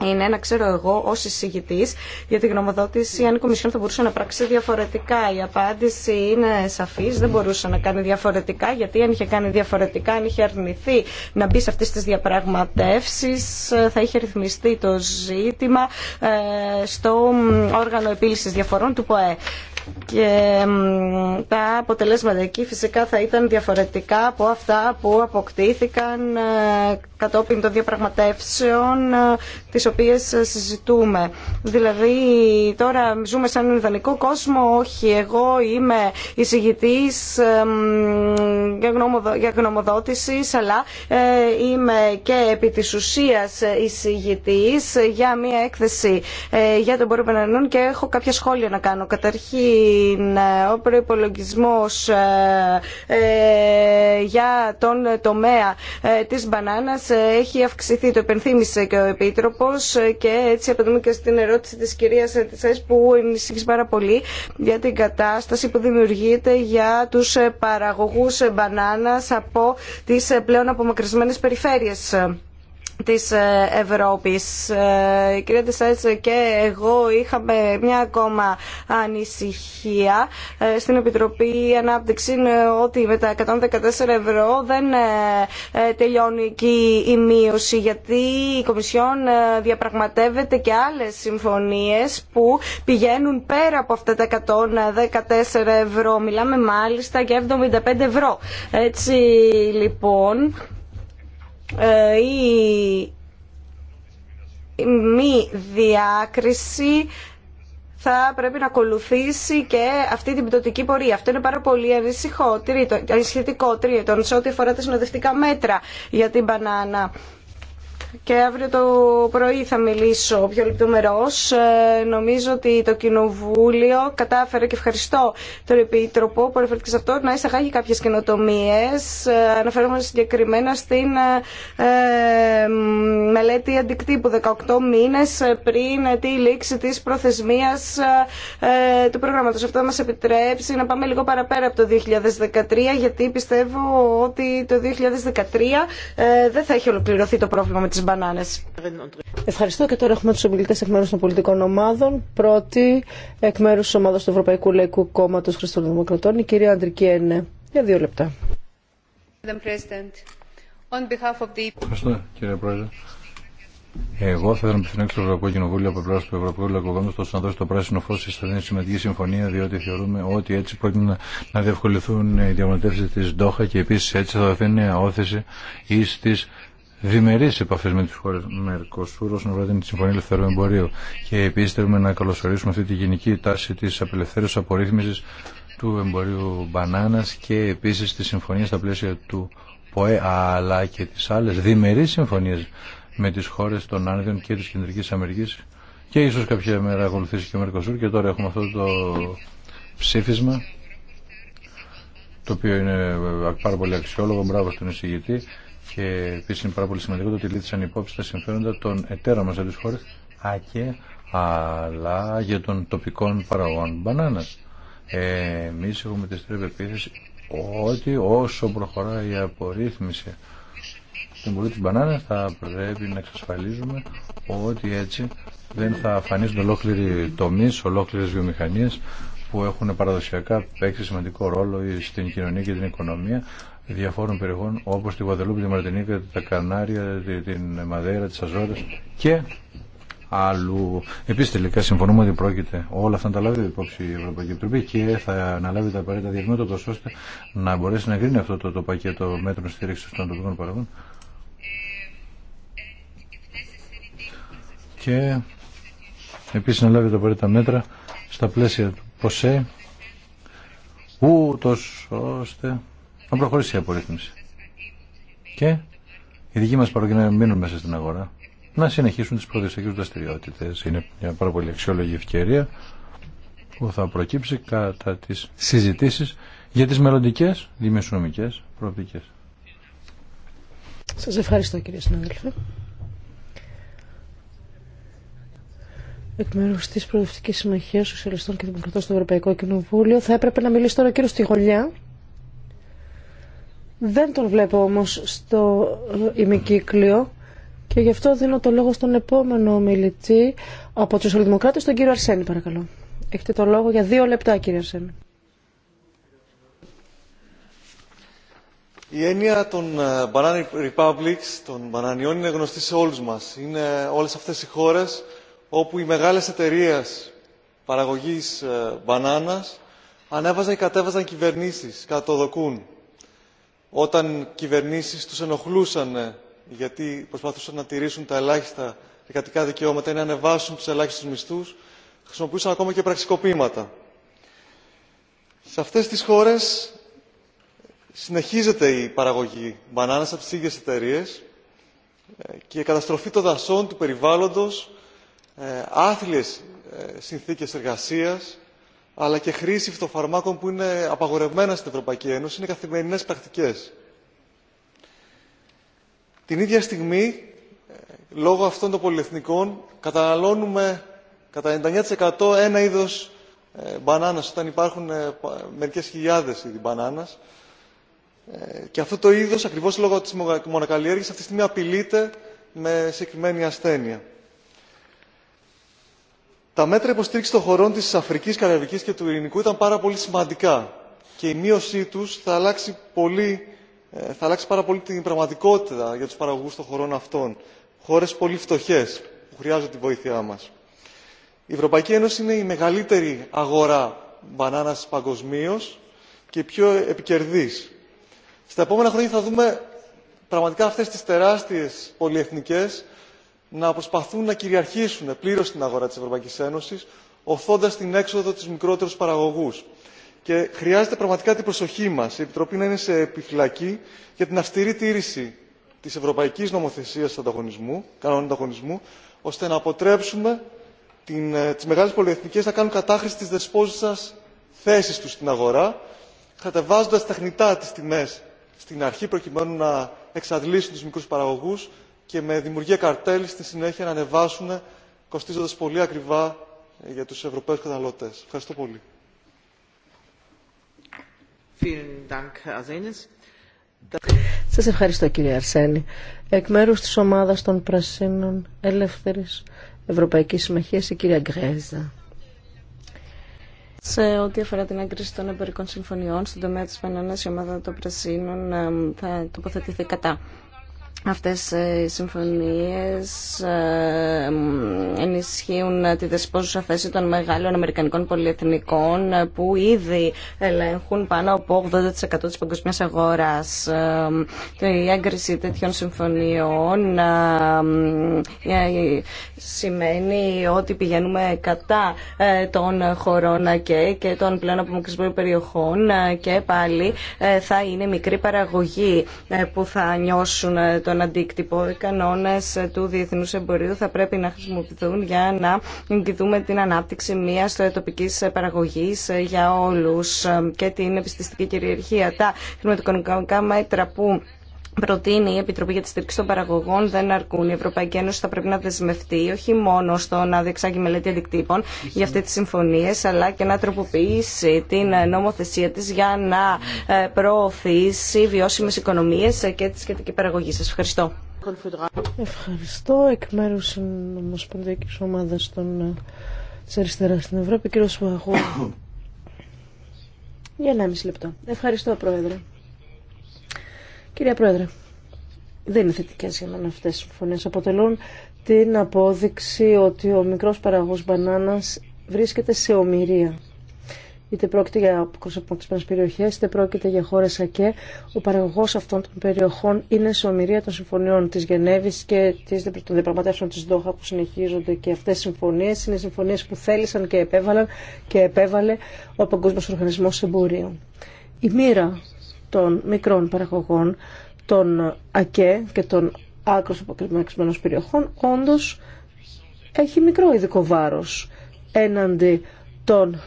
είναι να ξέρω εγώ ω εισηγητή για τη γνωμοδότηση αν η Κομισιόν θα μπορούσε να πράξει διαφορετικά. Η απάντηση είναι σαφή, δεν μπορούσε να κάνει διαφορετικά, γιατί αν είχε κάνει διαφορετικά, αν είχε αρνηθεί να μπει σε αυτέ τι διαπραγματεύσει, θα είχε ρυθμιστεί το ζήτημα ε, στο όργανο επίλυση διαφορών του ΠΟΕ. Και τα αποτελέσματα εκεί φυσικά θα ήταν διαφορετικά από αυτά που αποκτήθηκαν ε, κατόπιν των διαπραγματεύσεων ε, της οποίες ε, συζητούμε. Δηλαδή τώρα ζούμε σαν έναν ιδανικό κόσμο, όχι εγώ είμαι εισηγητής για γνωμοδότηση, αλλά ε, είμαι και επί της ουσίας εισηγητής για μια έκθεση ε, για τον πόρο και έχω κάποια σχόλια να κάνω. Καταρχήν, ο προπολογισμό για τον τομέα της μπανάνας έχει αυξηθεί, το επενθύμησε και ο Επίτροπος ε, και έτσι απαντούμε και στην ερώτηση της κυρίας Σέντησες που ενισχύει πάρα πολύ για την κατάσταση που δημιουργείται για τους ε, παραγωγούς ε, μπανάνας από τις πλέον απομακρυσμένες περιφέρειες της ε, Ευρώπης. Ε, κύριε κυρία και εγώ είχαμε μια ακόμα ανησυχία ε, στην Επιτροπή Ανάπτυξη ότι με τα 114 ευρώ δεν τελειώνει εκεί η μείωση γιατί η Κομισιόν διαπραγματεύεται και άλλες συμφωνίες που πηγαίνουν πέρα από αυτά τα 114 ευρώ. Μιλάμε μάλιστα για 75 ευρώ. Έτσι λοιπόν ε, η μη διάκριση θα πρέπει να ακολουθήσει και αυτή την πτωτική πορεία. Αυτό είναι πάρα πολύ ανησυχητικό τρίτον σε ό,τι αφορά τα συνοδευτικά μέτρα για την μπανάνα και αύριο το πρωί θα μιλήσω πιο λεπτομερώς. Ε, νομίζω ότι το Κοινοβούλιο κατάφερε και ευχαριστώ τον Επίτροπο που αναφέρθηκε σε αυτό να εισαγάγει κάποιες καινοτομίες. Ε, αναφέρομαι συγκεκριμένα στην ε, μελέτη αντικτύπου 18 μήνες πριν τη λήξη της προθεσμίας του προγράμματος. Αυτό θα μας επιτρέψει να πάμε λίγο παραπέρα από το 2013 γιατί πιστεύω ότι το 2013 δεν θα έχει ολοκληρωθεί το πρόβλημα με τις τις μπανάνες. Ευχαριστώ και τώρα έχουμε τους ομιλητές εκ μέρους των πολιτικών ομάδων. Πρώτη εκ μέρους της ομάδας του Ευρωπαϊκού Λαϊκού Κόμματος Δημοκρατών η κυρία Αντρική Ένε. Για δύο λεπτά. Ευχαριστώ κύριε Πρόεδρε. Εγώ θα ήθελα να επιθυμήσω στο Ευρωπαϊκό Κοινοβούλιο από πλευρά του Ευρωπαϊκού Λαϊκού Κόμματο να δώσει το πράσινο φω στη σταθερή σημαντική συμφωνία, διότι θεωρούμε ότι έτσι πρόκειται να, να διευκολυθούν οι διαπραγματεύσει τη Ντόχα και επίση έτσι θα δοθεί νέα όθεση διμερεί επαφέ με τι χώρε Μερκοσούρ όσον αφορά την Συμφωνία Ελευθερού Εμπορίου και επίση θέλουμε να καλωσορίσουμε αυτή τη γενική τάση τη απελευθέρωση απορρίθμιση του εμπορίου Μπανάνα και επίση τη συμφωνία στα πλαίσια του ΠΟΕ αλλά και τι άλλε διμερεί συμφωνίε με τι χώρε των Άνδρων και τη Κεντρική Αμερική. και ίσω κάποια μέρα ακολουθήσει και ο Μερκοσούρ και τώρα έχουμε αυτό το ψήφισμα το οποίο είναι πάρα πολύ αξιόλογο, μπράβο στον εισηγητή και επίση είναι πάρα πολύ σημαντικό το ότι λύθησαν υπόψη τα συμφέροντα των εταίρων μα από τι χώρε αλλά αλλά για των τοπικών παραγωγών μπανάνα. Ε, Εμεί έχουμε τη στρέπη επίθεση ότι όσο προχωράει η απορρίθμιση του πολύ μπανάνα θα πρέπει να εξασφαλίζουμε ότι έτσι δεν θα αφανίζουν ολόκληροι τομεί, ολόκληρε βιομηχανίε που έχουν παραδοσιακά παίξει σημαντικό ρόλο στην κοινωνία και την οικονομία διαφόρων περιοχών όπως τη Γουαδελούπη, τη Μαρτινίκα, τα Κανάρια, την Μαδέρα, τις Αζόρες και αλλού. Επίσης τελικά συμφωνούμε ότι πρόκειται όλα αυτά να τα λάβει υπόψη η Ευρωπαϊκή Επιτροπή και θα αναλάβει τα απαραίτητα τόσο ώστε να μπορέσει να εγκρίνει αυτό το, το πακέτο μέτρων στήριξης των τοπικών παραγών. Και επίσης να λάβει τα απαραίτητα μέτρα στα πλαίσια του ΠΟΣΕ ούτως ώστε να προχωρήσει η απορρίθμιση. Και οι δικοί μα παρόκειται να μείνουν μέσα στην αγορά, να συνεχίσουν τι προδιαστικές δραστηριότητε. Είναι μια πάρα πολύ αξιόλογη ευκαιρία που θα προκύψει κατά τι συζητήσει για τι μελλοντικέ δημοσιονομικέ προοπτικέ. Σα ευχαριστώ κύριε συνάδελφε. Εκ μέρου τη Προοδευτική Συμμαχία Σοσιαλιστών και Δημοκρατών στο Ευρωπαϊκό Κοινοβούλιο θα έπρεπε να μιλήσει τώρα ο κύριο Τιγολιά. Δεν τον βλέπω όμως στο ημικύκλιο και γι' αυτό δίνω το λόγο στον επόμενο ομιλητή από τους Σοσιαλδημοκράτες, τον κύριο Αρσένη παρακαλώ. Έχετε το λόγο για δύο λεπτά κύριε Αρσένη. Η έννοια των ε, Banana Republics, των μπανανιών, είναι γνωστή σε όλους μας. Είναι όλες αυτές οι χώρες όπου οι μεγάλες εταιρείες παραγωγής ε, μπανάνας ανέβαζαν ή κατέβαζαν κυβερνήσεις, κατοδοκούν όταν κυβερνήσεις τους ενοχλούσαν ε, γιατί προσπαθούσαν να τηρήσουν τα ελάχιστα εργατικά δικαιώματα ή να ανεβάσουν τους ελάχιστους μισθούς, χρησιμοποιούσαν ακόμα και πραξικοπήματα. Σε αυτές τις χώρες συνεχίζεται η παραγωγή μπανάνας από τις ίδιες εταιρείε ε, και η καταστροφή των δασών, του περιβάλλοντος, ε, άθλιες συνθήκες εργασίας, αλλά και χρήση φυτοφαρμάκων που είναι απαγορευμένα στην Ευρωπαϊκή Ένωση είναι καθημερινές πρακτικές. Την ίδια στιγμή, ε, λόγω αυτών των πολυεθνικών, καταναλώνουμε κατά 99% ένα είδος ε, μπανάνας, όταν υπάρχουν ε, μερικές χιλιάδες είδη μπανάνας. Και αυτό το είδος, ακριβώς λόγω της μονακαλλιέργειας, αυτή τη στιγμή απειλείται με συγκεκριμένη ασθένεια τα μέτρα υποστήριξη των χωρών τη αφρική καραϊβική και του ειρηνικού ήταν πάρα πολύ σημαντικά και η μείωσή του ε, θα αλλάξει πάρα πολύ την πραγματικότητα για του παραγωγού των χωρών αυτών χώρε πολύ φτωχέ που χρειάζονται τη βοήθειά μα. Η Ευρωπαϊκή Ένωση είναι η μεγαλύτερη αγορά μπανάνας παγκοσμίω και η πιο επικερδής. Στα επόμενα χρόνια θα δούμε πραγματικά αυτές τις τεράστιες πολυεθνικές να προσπαθούν να κυριαρχήσουν πλήρω στην αγορά τη Ευρωπαϊκή Ένωση, οθώντα την έξοδο του μικρότερου παραγωγού. Και χρειάζεται πραγματικά την προσοχή μα, η Επιτροπή να είναι σε επιφυλακή για την αυστηρή τήρηση τη ευρωπαϊκή νομοθεσία ανταγωνισμού, κανόνων ανταγωνισμού, ώστε να αποτρέψουμε ε, τι μεγάλε πολυεθνικές να κάνουν κατάχρηση τη δεσπόζουσα θέση του στην αγορά, κατεβάζοντα τεχνητά τι τιμέ στην αρχή προκειμένου να εξαντλήσουν του μικρού παραγωγού και με δημιουργία καρτέλ στη συνέχεια να ανεβάσουν κοστίζοντας πολύ ακριβά ε, για τους Ευρωπαίους καταναλωτές. Ευχαριστώ πολύ. Σας ευχαριστώ κύριε Αρσένη. Εκ μέρους της ομάδας των Πρασίνων Ελεύθερης Ευρωπαϊκής Συμμαχίας η κυρία Γκρέζα. Σε ό,τι αφορά την έγκριση των εμπορικών συμφωνιών στον τομέα της Πανανά, η ομάδα των Πρασίνων ε, θα τοποθετηθεί κατά. Αυτές ε, οι συμφωνίες ε, ενισχύουν τη δεσπόζουσα θέση των μεγάλων αμερικανικών πολυεθνικών ε, που ήδη ελέγχουν πάνω από 80% της παγκοσμίας αγοράς. Η έγκριση τέτοιων συμφωνιών σημαίνει ότι πηγαίνουμε κατά των χωρών και, των πλέον απομακρυσμένων περιοχών και πάλι θα είναι μικρή παραγωγή που θα νιώσουν τον αντίκτυπο. Οι κανόνε του Διεθνού εμπορίου θα πρέπει να χρησιμοποιηθούν για να εγγυθούμε την ανάπτυξη μία τοπική παραγωγή για όλου και την επιστηστική κυριαρχία. Τα χρηματοοικονομικά μέτρα που προτείνει η Επιτροπή για τη Στήριξη των Παραγωγών δεν αρκούν. Η Ευρωπαϊκή Ένωση θα πρέπει να δεσμευτεί όχι μόνο στο να διεξάγει μελέτη αντικτύπων για αυτέ τι συμφωνίε, αλλά και να τροποποιήσει την νομοθεσία τη για να ε, προωθήσει βιώσιμε οικονομίε και τη σχετική παραγωγή. σα. ευχαριστώ. Ευχαριστώ εκ μέρου τη Ομοσπονδιακή ομάδα των... Ε, αριστερά στην Ευρώπη, κύριο Σουαγού. Για 1,5 λεπτό. Ευχαριστώ, Πρόεδρε. Κυρία Πρόεδρε, δεν είναι θετικές για μένα αυτές οι συμφωνίε. Αποτελούν την απόδειξη ότι ο μικρός παραγωγός μπανάνας βρίσκεται σε ομοιρία. Είτε πρόκειται για αποκοσμοπισμένε περιοχέ, είτε πρόκειται για χώρε ΑΚΕ. Ο παραγωγό αυτών των περιοχών είναι σε ομοιρία των συμφωνιών τη Γενέβη και των διαπραγματεύσεων τη ΔΟΧΑ που συνεχίζονται. Και αυτέ οι συμφωνίε είναι συμφωνίε που θέλησαν και επέβαλαν και επέβαλε ο Παγκόσμιο Οργανισμό εμπορίων. Η μοίρα των μικρών παραγωγών των ΑΚΕ και των άκρως αποκριμένων περιοχών όντως έχει μικρό ειδικό βάρος έναντι των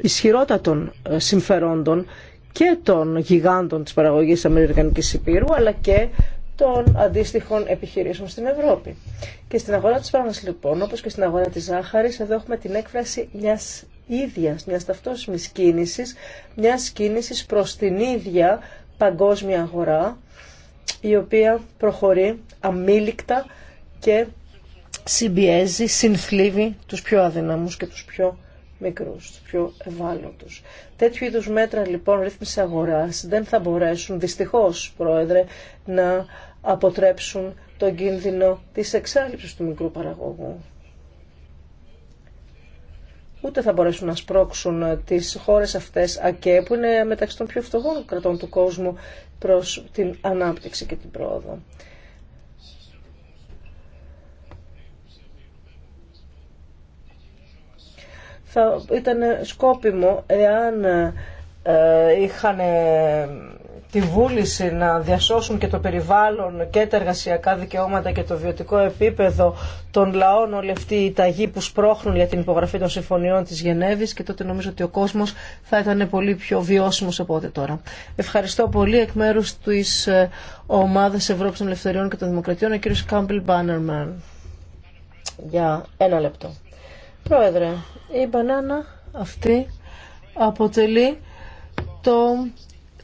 ισχυρότατων ε, συμφερόντων και των γιγάντων της παραγωγής Αμερικανική Αμερικανικής Υπήρου αλλά και των αντίστοιχων επιχειρήσεων στην Ευρώπη. Και στην αγορά της φάρμας λοιπόν, όπως και στην αγορά της ζάχαρης, εδώ έχουμε την έκφραση μιας ίδιας, μιας ταυτόσιμης κίνησης, μιας κίνησης προς την ίδια παγκόσμια αγορά, η οποία προχωρεί αμήλικτα και συμπιέζει, συνθλίβει τους πιο αδυναμούς και τους πιο μικρούς, τους πιο ευάλωτους. Τέτοιου είδους μέτρα λοιπόν ρύθμιση αγοράς δεν θα μπορέσουν δυστυχώς, Πρόεδρε, να αποτρέψουν τον κίνδυνο της εξάλληψης του μικρού παραγωγού ούτε θα μπορέσουν να σπρώξουν τις χώρες αυτές ΑΚΕ που είναι μεταξύ των πιο φτωχών κρατών του κόσμου προς την ανάπτυξη και την πρόοδο. Θα ήταν σκόπιμο εάν ε, είχαν τη βούληση να διασώσουν και το περιβάλλον και τα εργασιακά δικαιώματα και το βιωτικό επίπεδο των λαών όλοι αυτοί οι ταγοί που σπρώχνουν για την υπογραφή των συμφωνιών της Γενέβης και τότε νομίζω ότι ο κόσμος θα ήταν πολύ πιο βιώσιμος από ό,τι τώρα. Ευχαριστώ πολύ εκ μέρους της ε, ομάδας Ευρώπης των Ελευθεριών και των Δημοκρατιών ο κ. Κάμπιλ Μπάνερμαν για ένα λεπτό. Πρόεδρε, η μπανάνα αυτή αποτελεί το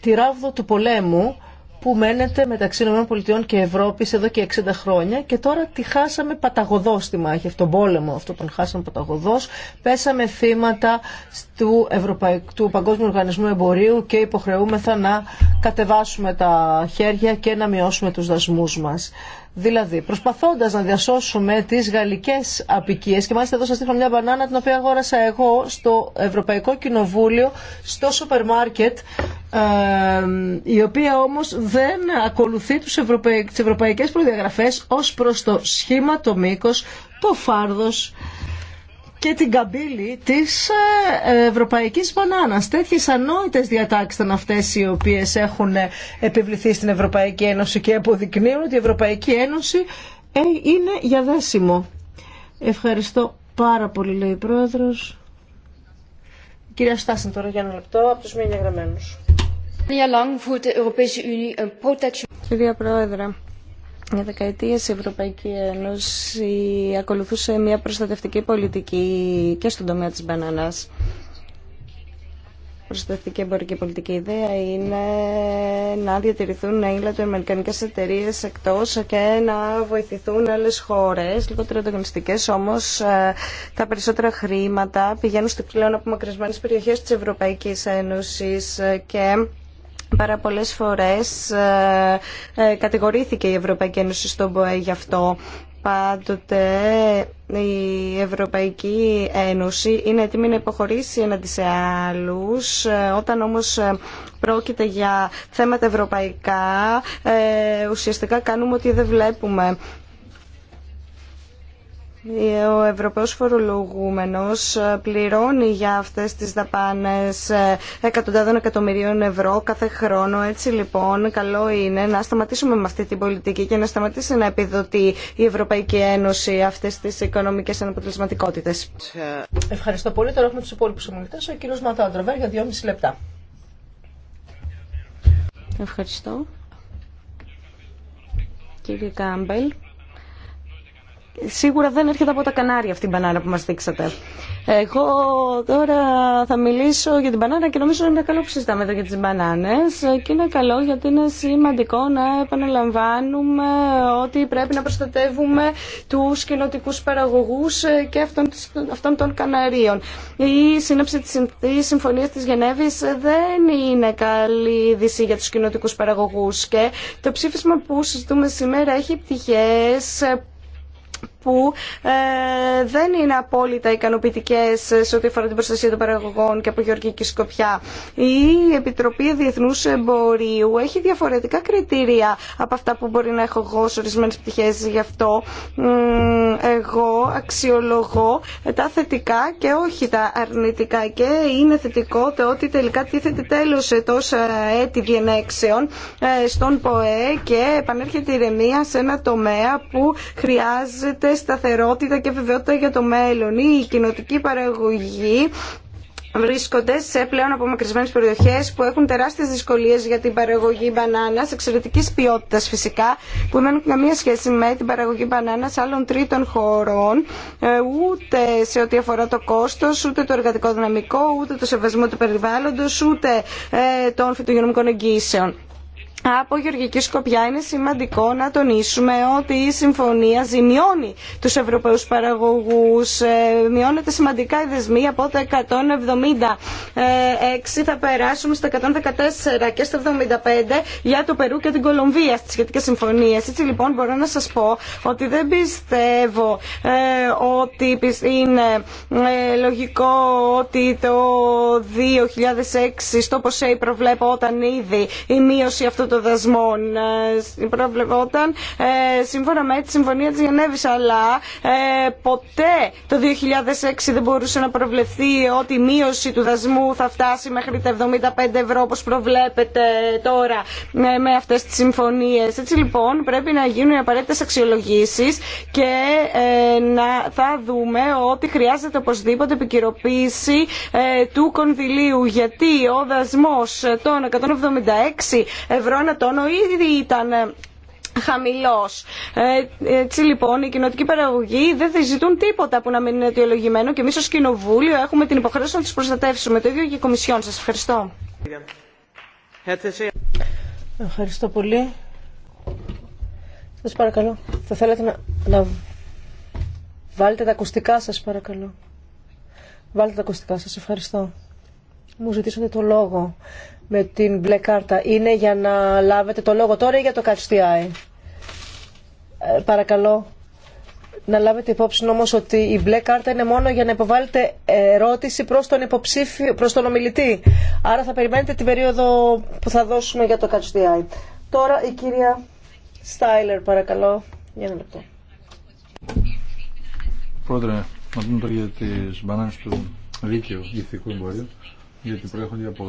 τη ράβδο του πολέμου που μένεται μεταξύ ΗΠΑ και Ευρώπης εδώ και 60 χρόνια και τώρα τη χάσαμε παταγωδός στη μάχη, αυτόν τον πόλεμο αυτό τον χάσαμε παταγωδός. Πέσαμε θύματα του, Ευρωπαϊκού, του Παγκόσμιου Οργανισμού Εμπορίου και υποχρεούμεθα να κατεβάσουμε τα χέρια και να μειώσουμε τους δασμούς μας. Δηλαδή, προσπαθώντα να διασώσουμε τι γαλλικέ απικίε, και μάλιστα εδώ σα δείχνω μια μπανάνα την οποία αγόρασα εγώ στο Ευρωπαϊκό Κοινοβούλιο, στο σούπερ μάρκετ, ε, η οποία όμω δεν ακολουθεί τι ευρωπαϊκέ προδιαγραφέ ω προ το σχήμα, το μήκο, το φάρδο και την καμπύλη τη ε, Ευρωπαϊκή Μπανάνα. Τέτοιες ανόητε διατάξει ήταν αυτέ οι οποίε έχουν ε, επιβληθεί στην Ευρωπαϊκή Ένωση και αποδεικνύουν ότι η Ευρωπαϊκή Ένωση ε, είναι για δέσιμο. Ευχαριστώ πάρα πολύ, λέει η πρόεδρο. κυρία Στάσεν τώρα για ένα λεπτό από τους μη Κυρία Πρόεδρε, για δεκαετία η Ευρωπαϊκή Ένωση ακολουθούσε μια προστατευτική πολιτική και στον τομέα της μπανανάς. Προστατευτική εμπορική πολιτική ιδέα είναι να διατηρηθούν οι αμερικανικέ εταιρείε εκτό και να βοηθηθούν άλλε χώρε, λιγότερο ανταγωνιστικέ. Όμω ε, τα περισσότερα χρήματα πηγαίνουν στι πλέον απομακρυσμένε περιοχέ τη Ευρωπαϊκή Ένωση ε, και Πάρα πολλές φορές ε, ε, κατηγορήθηκε η Ευρωπαϊκή Ένωση στον ΠΟΕ γι' αυτό. Πάντοτε η Ευρωπαϊκή Ένωση είναι έτοιμη να υποχωρήσει έναντι σε άλλους. Ε, όταν όμως πρόκειται για θέματα ευρωπαϊκά, ουσιαστικά κάνουμε ότι δεν βλέπουμε ο Ευρωπαίος φορολογούμενος πληρώνει για αυτές τις δαπάνες εκατοντάδων εκατομμυρίων ευρώ κάθε χρόνο. Έτσι λοιπόν καλό είναι να σταματήσουμε με αυτή την πολιτική και να σταματήσει να επιδοτεί η Ευρωπαϊκή Ένωση αυτές τις οικονομικές αναποτελεσματικότητες. Ευχαριστώ πολύ. Τώρα έχουμε τους υπόλοιπους ομιλητές. Ο κύριος Ματάντροβερ για δυόμιση λεπτά. Ευχαριστώ. Κύριε Κάμπελ, Σίγουρα δεν έρχεται από τα Κανάρια αυτή η μπανάνα που μας δείξατε. Εγώ τώρα θα μιλήσω για την μπανάνα και νομίζω είναι καλό που συζητάμε εδώ για τις μπανάνες και είναι καλό γιατί είναι σημαντικό να επαναλαμβάνουμε ότι πρέπει να προστατεύουμε τους κοινοτικούς παραγωγούς και αυτών, αυτών των Καναρίων. Η σύναψη της Συμφωνίας της Γενέβης δεν είναι καλή είδηση για τους κοινοτικούς παραγωγούς και το ψήφισμα που συζητούμε σήμερα έχει πτυχές Υπότιτλοι AUTHORWAVE που ε, δεν είναι απόλυτα ικανοποιητικέ σε ό,τι αφορά την προστασία των παραγωγών και από γεωργική σκοπιά. Η Επιτροπή Διεθνού Εμπορίου έχει διαφορετικά κριτήρια από αυτά που μπορεί να έχω εγώ σε ορισμένε πτυχέ. Γι' αυτό εγώ αξιολογώ τα θετικά και όχι τα αρνητικά. Και είναι θετικό το ότι τελικά τίθεται τέλο τόσα ε, έτη διενέξεων ε, στον ΠΟΕ και επανέρχεται ηρεμία σε ένα τομέα που χρειάζεται σταθερότητα και βεβαιότητα για το μέλλον. Η κοινοτική παραγωγή βρίσκονται σε πλέον απομακρυσμένες περιοχές που έχουν τεράστιες δυσκολίες για την παραγωγή μπανάνας, εξαιρετικής ποιότητας φυσικά, που δεν έχουν καμία σχέση με την παραγωγή μπανάνας άλλων τρίτων χωρών, ε, ούτε σε ό,τι αφορά το κόστος, ούτε το εργατικό δυναμικό, ούτε το σεβασμό του περιβάλλοντος, ούτε ε, των φυτογενομικών εγγύσεων από γεωργική σκοπιά είναι σημαντικό να τονίσουμε ότι η συμφωνία ζημιώνει τους ευρωπαίους παραγωγούς, ε, μειώνεται σημαντικά η δεσμή από τα 176 ε, θα περάσουμε στα 114 και στα 75 για το Περού και την Κολομβία στις σχετικές συμφωνίες. Έτσι λοιπόν μπορώ να σας πω ότι δεν πιστεύω ε, ότι είναι λογικό ότι το 2006 στο ΠΟΣΕΙ προβλέπω όταν ήδη η μείωση αυτού των δασμών. Ε, προβλεπόταν ε, σύμφωνα με τη Συμφωνία της Γενέβης, αλλά ε, ποτέ το 2006 δεν μπορούσε να προβλεφθεί ότι η μείωση του δασμού θα φτάσει μέχρι τα 75 ευρώ όπως προβλέπεται τώρα με αυτές τις συμφωνίες. Έτσι λοιπόν πρέπει να γίνουν οι απαραίτητες αξιολογήσεις και να θα δούμε ότι χρειάζεται οπωσδήποτε επικυροποίηση του κονδυλίου γιατί ο δασμός των 176 ευρώ θάνατον ο ήδη ήταν ε, χαμηλός. Ε, έτσι λοιπόν οι κοινοτικοί παραγωγοί δεν θα ζητούν τίποτα που να μην είναι αιτιολογημένο και εμεί ως κοινοβούλιο έχουμε την υποχρέωση να του προστατεύσουμε. Το ίδιο και η Κομισιόν. Σας ευχαριστώ. Ευχαριστώ πολύ. Σας παρακαλώ. Θα θέλατε να, να βάλετε τα ακουστικά σας παρακαλώ. Βάλτε τα ακουστικά σας. Ευχαριστώ. Μου ζητήσατε το λόγο με την μπλε κάρτα είναι για να λάβετε το λόγο τώρα ή για το καθιστή ε, παρακαλώ να λάβετε υπόψη όμως ότι η μπλε κάρτα είναι μόνο για να υποβάλλετε ερώτηση προς τον υποψήφιο, προς τον ομιλητή. Άρα θα περιμένετε την περίοδο που θα δώσουμε για το καυστιάι. Τώρα η κυρία Στάιλερ παρακαλώ για ένα λεπτό. Πρόεδρε, να πούμε τώρα για τις μπανάνες του δίκαιου ηθικού εμπορίου, γιατί προέρχονται από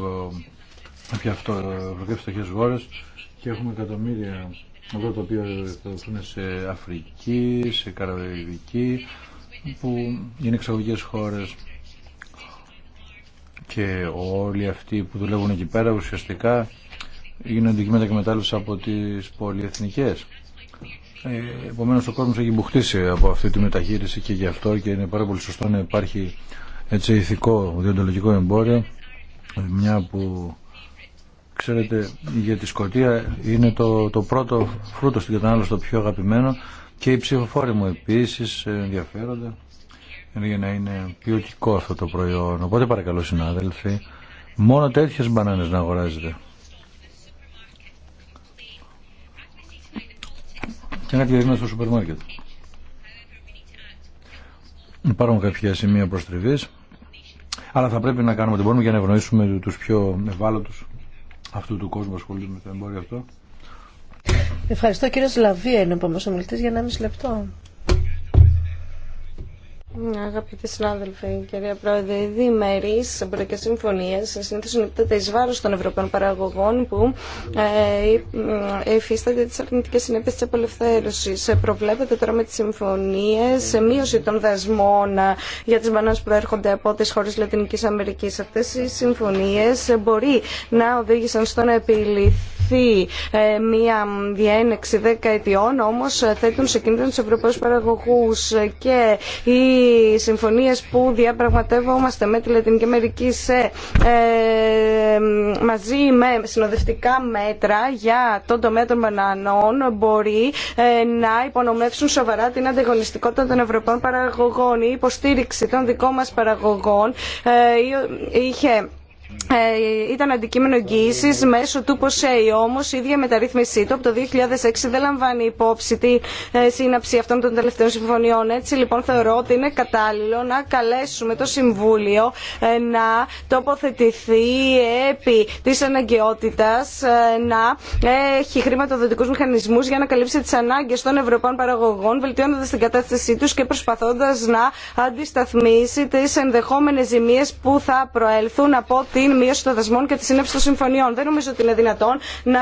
από αυτό ευρωπαϊκές φτωχές χώρες και έχουμε εκατομμύρια εδώ τα οποία θα σε Αφρική, σε Καραβική που είναι εξαγωγές χώρες και όλοι αυτοί που δουλεύουν εκεί πέρα ουσιαστικά είναι αντικείμενα εκμετάλλευση από τις πολυεθνικές. Ε, Επομένω, ο κόσμο έχει μπουχτίσει από αυτή τη μεταχείριση και γι' αυτό και είναι πάρα πολύ σωστό να υπάρχει έτσι ηθικό διοντολογικό εμπόριο, μια που Ξέρετε, για τη Σκοτία είναι το, το πρώτο φρούτο στην κατανάλωση το πιο αγαπημένο και οι ψηφοφόροι μου επίσης ενδιαφέρονται για να είναι ποιοτικό αυτό το προϊόν. Οπότε παρακαλώ συνάδελφοι, μόνο τέτοιες μπανάνες να αγοράζετε. Και να διαδίδουμε στο σούπερ μάρκετ. Υπάρχουν κάποια σημεία προστριβής, αλλά θα πρέπει να κάνουμε ό,τι μπορούμε για να ευνοήσουμε τους πιο ευάλωτους αυτού του κόσμου ασχολείται με το εμπόριο αυτό. Ευχαριστώ κύριο Σλαβία, είναι ο επόμενο ομιλητή για 1,5 λεπτό. Αγαπητοί συνάδελφοι, κυρία Πρόεδρε, οι διημερεί εμπορικέ συμφωνίε συνήθω είναι ει βάρο των Ευρωπαίων παραγωγών που ε, υφίστανται τι αρνητικέ συνέπειε τη απελευθέρωση. Ε, προβλέπεται τώρα με τι συμφωνίε σε μείωση των δασμών ε, για τι μπανάνε που έρχονται από τι χώρε Λατινική Αμερική. Αυτέ οι συμφωνίε ε, μπορεί να οδήγησαν στο να επιληθεί μια διένεξη δέκα ετιών, όμω θέτουν σε κίνδυνο του Ευρωπαίου παραγωγού και οι συμφωνίε που διαπραγματεύομαστε με τη Λατινική Αμερική σε, ε, μαζί με συνοδευτικά μέτρα για τον τομέα των μπανανών μπορεί ε, να υπονομεύσουν σοβαρά την ανταγωνιστικότητα των ευρωπαίων παραγωγών. Η υποστήριξη των δικών μας παραγωγών ε, είχε ε, ήταν αντικείμενο εγγύηση μέσω του ΠΟΣΕΙ. Όμω η ίδια μεταρρύθμιση του από το 2006 δεν λαμβάνει υπόψη τη ε, σύναψη αυτών των τελευταίων συμφωνιών. Έτσι λοιπόν θεωρώ ότι είναι κατάλληλο να καλέσουμε το Συμβούλιο ε, να τοποθετηθεί επί τη αναγκαιότητα να έχει χρηματοδοτικού μηχανισμού για να καλύψει τι ανάγκε των Ευρωπαίων παραγωγών, βελτιώνοντα την κατάστασή του και προσπαθώντα να αντισταθμίσει τι ενδεχόμενε ζημίε που θα προέλθουν από την μείωση των δασμών και τη σύνεψη των συμφωνιών. Δεν νομίζω ότι είναι δυνατόν να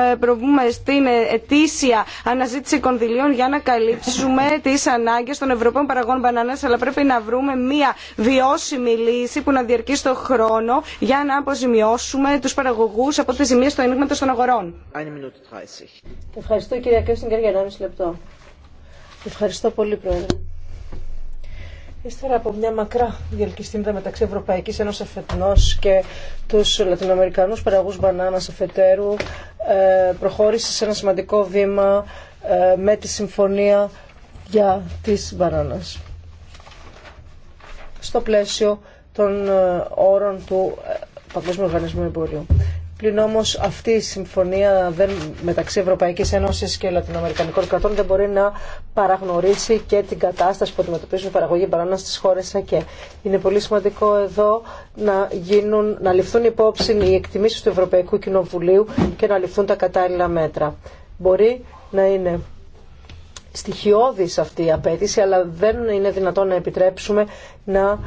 ε, προβούμε στην ε, ετήσια αναζήτηση κονδυλίων για να καλύψουμε τι ανάγκε των Ευρωπαίων παραγών μπανάνα, αλλά πρέπει να βρούμε μία βιώσιμη λύση που να διαρκεί στον χρόνο για να αποζημιώσουμε του παραγωγού από τι ζημίε του ανοίγματο των αγορών. πολύ, Ύστερα από μια μακρά διελκυστίνδα μεταξύ Ευρωπαϊκής Ένωσης αφετνός και τους Λατινοαμερικανούς παραγούς μπανάνας αφετέρου ε, προχώρησε σε ένα σημαντικό βήμα ε, με τη συμφωνία για τις μπανάνας. Στο πλαίσιο των ε, όρων του Παγκόσμιου Οργανισμού Εμπορίου. Πλην όμω αυτή η συμφωνία δεν, μεταξύ Ευρωπαϊκή Ένωση και Λατινοαμερικανικών κρατών δεν μπορεί να παραγνωρίσει και την κατάσταση που αντιμετωπίζουν οι παραγωγοί μπανάνα στις χώρες ΑΚΕ. Είναι πολύ σημαντικό εδώ να, γίνουν, να ληφθούν υπόψη οι εκτιμήσει του Ευρωπαϊκού Κοινοβουλίου και να ληφθούν τα κατάλληλα μέτρα. Μπορεί να είναι στοιχειώδης αυτή η απέτηση, αλλά δεν είναι δυνατόν να επιτρέψουμε να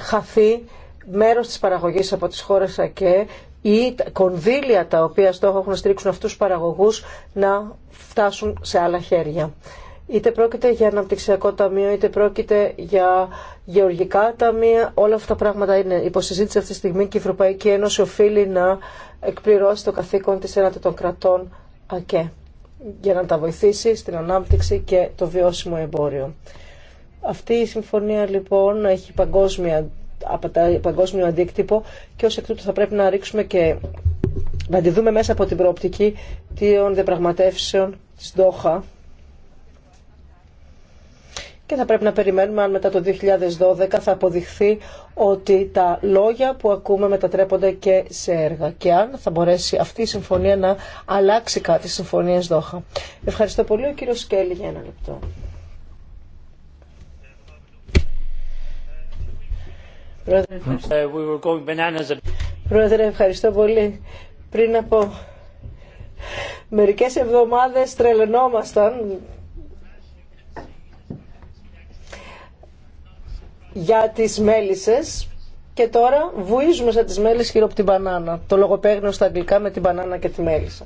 χαθεί μέρος της παραγωγής από τις χώρες ΑΚΕ ή κονδύλια τα οποία στόχο έχουν να στηρίξουν αυτούς τους παραγωγούς να φτάσουν σε άλλα χέρια. Είτε πρόκειται για αναπτυξιακό ταμείο, είτε πρόκειται για γεωργικά ταμεία. Όλα αυτά τα πράγματα είναι υποσυζήτηση αυτή τη στιγμή και η Ευρωπαϊκή Ένωση οφείλει να εκπληρώσει το καθήκον της έναντι των κρατών ΑΚΕ για να τα βοηθήσει στην ανάπτυξη και το βιώσιμο εμπόριο. Αυτή η συμφωνία λοιπόν έχει παγκόσμια από τα παγκόσμιο αντίκτυπο και ως εκ τούτου θα πρέπει να ρίξουμε και να τη δούμε μέσα από την προοπτική των διαπραγματεύσεων της Ντόχα και θα πρέπει να περιμένουμε αν μετά το 2012 θα αποδειχθεί ότι τα λόγια που ακούμε μετατρέπονται και σε έργα και αν θα μπορέσει αυτή η συμφωνία να αλλάξει κάτι στις συμφωνίες Δόχα. Ευχαριστώ πολύ ο κύριος Σκέλη για ένα λεπτό. Uh, Πρόεδρε, ευχαριστώ. πολύ. Πριν από μερικές εβδομάδες τρελαινόμασταν για τις μέλισσες και τώρα βουίζουμε σαν τις μέλισσες γύρω από την μπανάνα. Το λογοπαίγνω στα αγγλικά με την μπανάνα και τη μέλισσα.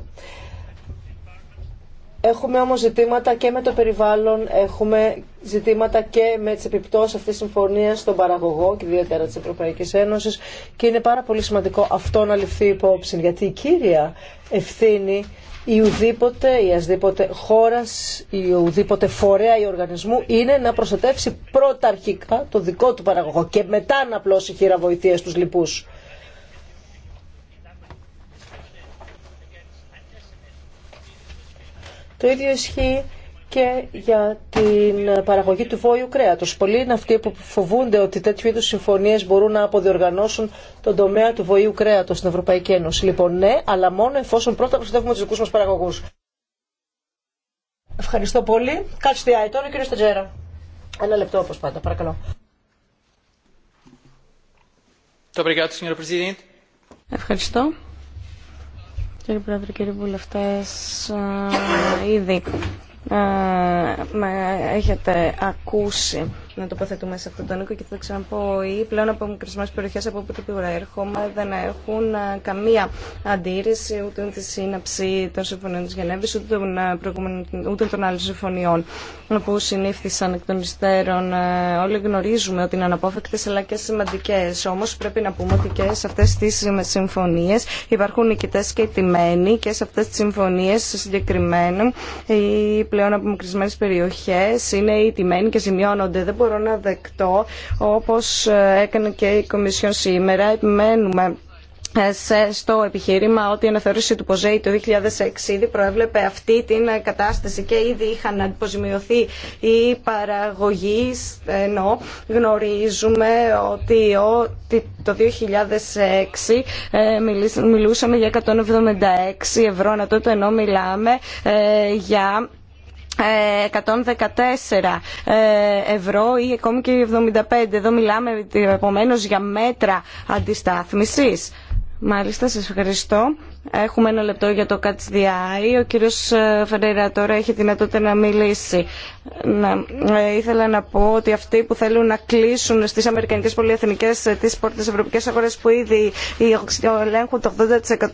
Έχουμε όμως ζητήματα και με το περιβάλλον, έχουμε ζητήματα και με τις επιπτώσεις αυτής της συμφωνίας στον παραγωγό και ιδιαίτερα της Ευρωπαϊκής Ένωσης και είναι πάρα πολύ σημαντικό αυτό να ληφθεί υπόψη γιατί η κύρια ευθύνη η ουδήποτε, η ασδήποτε χώρας, η ουδήποτε φορέα ή οργανισμού είναι να προστατεύσει πρώτα αρχικά το δικό του παραγωγό και μετά να απλώσει χείρα στους λοιπούς. Το ίδιο ισχύει και για την παραγωγή του βόρειου κρέατος. Πολλοί είναι αυτοί που φοβούνται ότι τέτοιου είδους συμφωνίες μπορούν να αποδιοργανώσουν τον τομέα του βοήου κρέατος στην Ευρωπαϊκή Ένωση. Λοιπόν, ναι, αλλά μόνο εφόσον πρώτα προστατεύουμε τους δικούς μας παραγωγούς. Ευχαριστώ πολύ. Κάτσε τη ΆΕ τώρα, κύριε Στατζέρα. Ένα λεπτό όπως πάντα, παρακαλώ. Ευχαριστώ. Κύριε Πρόεδρε, κύριοι Βουλευτέ, ήδη με έχετε ακούσει να τοποθετούμε σε αυτό τον οίκο και θα ξαναπώ οι πλέον από απομακρυσμένε περιοχέ από όπου το προέρχομαι δεν έχουν ε, καμία αντίρρηση ούτε τη σύναψη των συμφωνιών τη Γενέβη ούτε των, ε, ούτε των άλλων συμφωνιών που συνήφθησαν εκ των υστέρων. Ε, όλοι γνωρίζουμε ότι είναι αναπόφευκτε αλλά και σημαντικέ. Όμω πρέπει να πούμε ότι και σε αυτέ τι συμφωνίε υπάρχουν νικητέ και τιμένοι και σε αυτέ τι συμφωνίε συγκεκριμένα οι πλέον μικρισμένες περιοχέ είναι οι τιμένοι και ζημιώνονται. Δεν μπορώ να όπως έκανε και η Κομισιόν σήμερα, επιμένουμε ε, στο επιχείρημα ότι η αναθεώρηση του ΠΟΖΕΙ το 2006 ήδη προέβλεπε αυτή την ε, κατάσταση και ήδη είχαν αντιποζημιωθεί οι παραγωγοί ενώ γνωρίζουμε ότι το 2006 ε, μιλούσαμε για 176 ευρώ τότε ενώ μιλάμε για 114 ε, ευρώ ή ακόμη και 75. Εδώ μιλάμε ε, επομένως για μέτρα αντιστάθμισης. Μάλιστα, σας ευχαριστώ. Έχουμε ένα λεπτό για το Catch Ο κύριος ε, Φερέιρα τώρα έχει δυνατότητα να μιλήσει. Ε, ήθελα να πω ότι αυτοί που θέλουν να κλείσουν στις Αμερικανικές πολυεθνικές ε, τις πόρτες ευρωπαϊκές αγορές που ήδη ελέγχουν το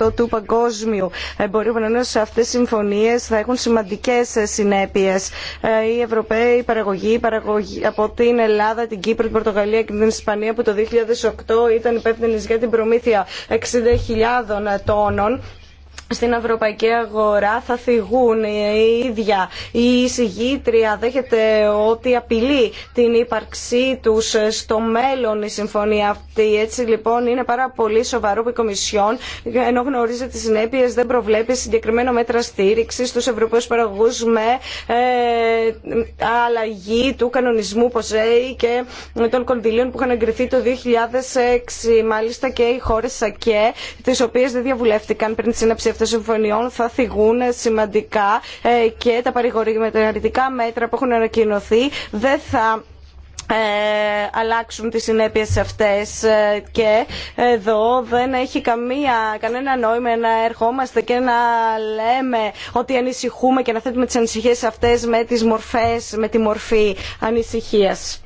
80% του παγκόσμιου εμπορίου να σε αυτές τις συμφωνίες θα έχουν σημαντικές συνέπειες. Η οι Ευρωπαίοι παραγωγοί, από την Ελλάδα, την Κύπρο, την Πορτογαλία και την Ισπανία που το 2008 ήταν υπεύθυνη για την προμήθεια 60.000 τόνων στην ευρωπαϊκή αγορά θα θυγούν οι ίδια η εισηγήτρια δέχεται ότι απειλεί την ύπαρξή τους στο μέλλον η συμφωνία αυτή έτσι λοιπόν είναι πάρα πολύ σοβαρό που η Κομισιόν ενώ γνωρίζει τις συνέπειες δεν προβλέπει συγκεκριμένα μέτρα στήριξη στους ευρωπαίους παραγωγούς με ε, αλλαγή του κανονισμού ΠΟΖΕΗ και των κονδυλίων που είχαν εγκριθεί το 2006 μάλιστα και οι χώρες ΣΑΚΕ τις οποίες δεν διαβουλεύτηκαν πριν τη σύναψη των συμφωνιών θα θυγούν σημαντικά ε, και τα παρηγορητικά μέτρα που έχουν ανακοινωθεί δεν θα ε, αλλάξουν τις συνέπειες αυτές ε, και εδώ δεν έχει καμία, κανένα νόημα να ερχόμαστε και να λέμε ότι ανησυχούμε και να θέτουμε τις ανησυχίες αυτές με τις μορφές, με τη μορφή ανησυχίας.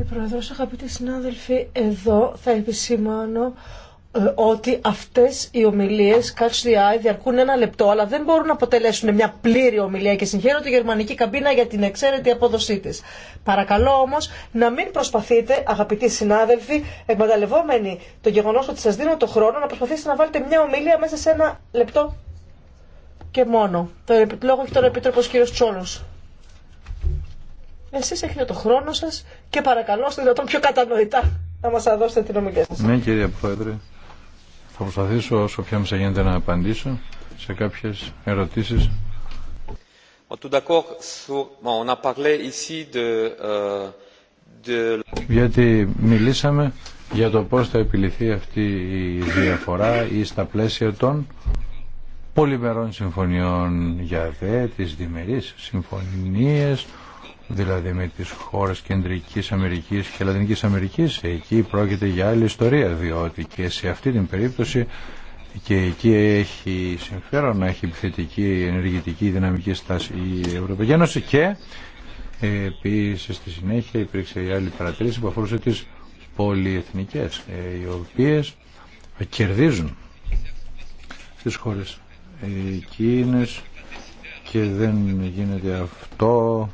Η Πρόεδρος, αγαπητοί συνάδελφοι, εδώ θα επισημάνω ε, ότι αυτές οι ομιλίες catch the eye διαρκούν ένα λεπτό αλλά δεν μπορούν να αποτελέσουν μια πλήρη ομιλία και συγχαίρω τη γερμανική καμπίνα για την εξαίρετη απόδοσή της. Παρακαλώ όμως να μην προσπαθείτε αγαπητοί συνάδελφοι εκμεταλλευόμενοι το γεγονός ότι σας δίνω το χρόνο να προσπαθήσετε να βάλετε μια ομιλία μέσα σε ένα λεπτό και μόνο. Το λόγο έχει τώρα ο Επίτροπος κύριος Τσόλος. Εσείς έχετε το χρόνο σας και παρακαλώ στο δυνατόν πιο κατανοητά να μας δώσετε την ομιλία σας. Ναι κύριε Πρόεδρε. Θα προσπαθήσω όσο πια μου γίνεται να απαντήσω σε κάποιες ερωτήσεις. Γιατί μιλήσαμε για το πώς θα επιληθεί αυτή η διαφορά ή στα πλαίσια των πολυμερών συμφωνιών για δε, τις διμερείς συμφωνίες, δηλαδή με τις χώρες Κεντρικής Αμερικής και Λατινικής Αμερικής εκεί πρόκειται για άλλη ιστορία διότι και σε αυτή την περίπτωση και εκεί έχει συμφέρον να έχει επιθετική ενεργητική δυναμική στάση η Ευρωπαϊκή Ένωση και επίση στη συνέχεια υπήρξε η άλλη παρατήρηση που αφορούσε τις πολυεθνικές ε, οι οποίες κερδίζουν στις χώρες εκείνες και δεν γίνεται αυτό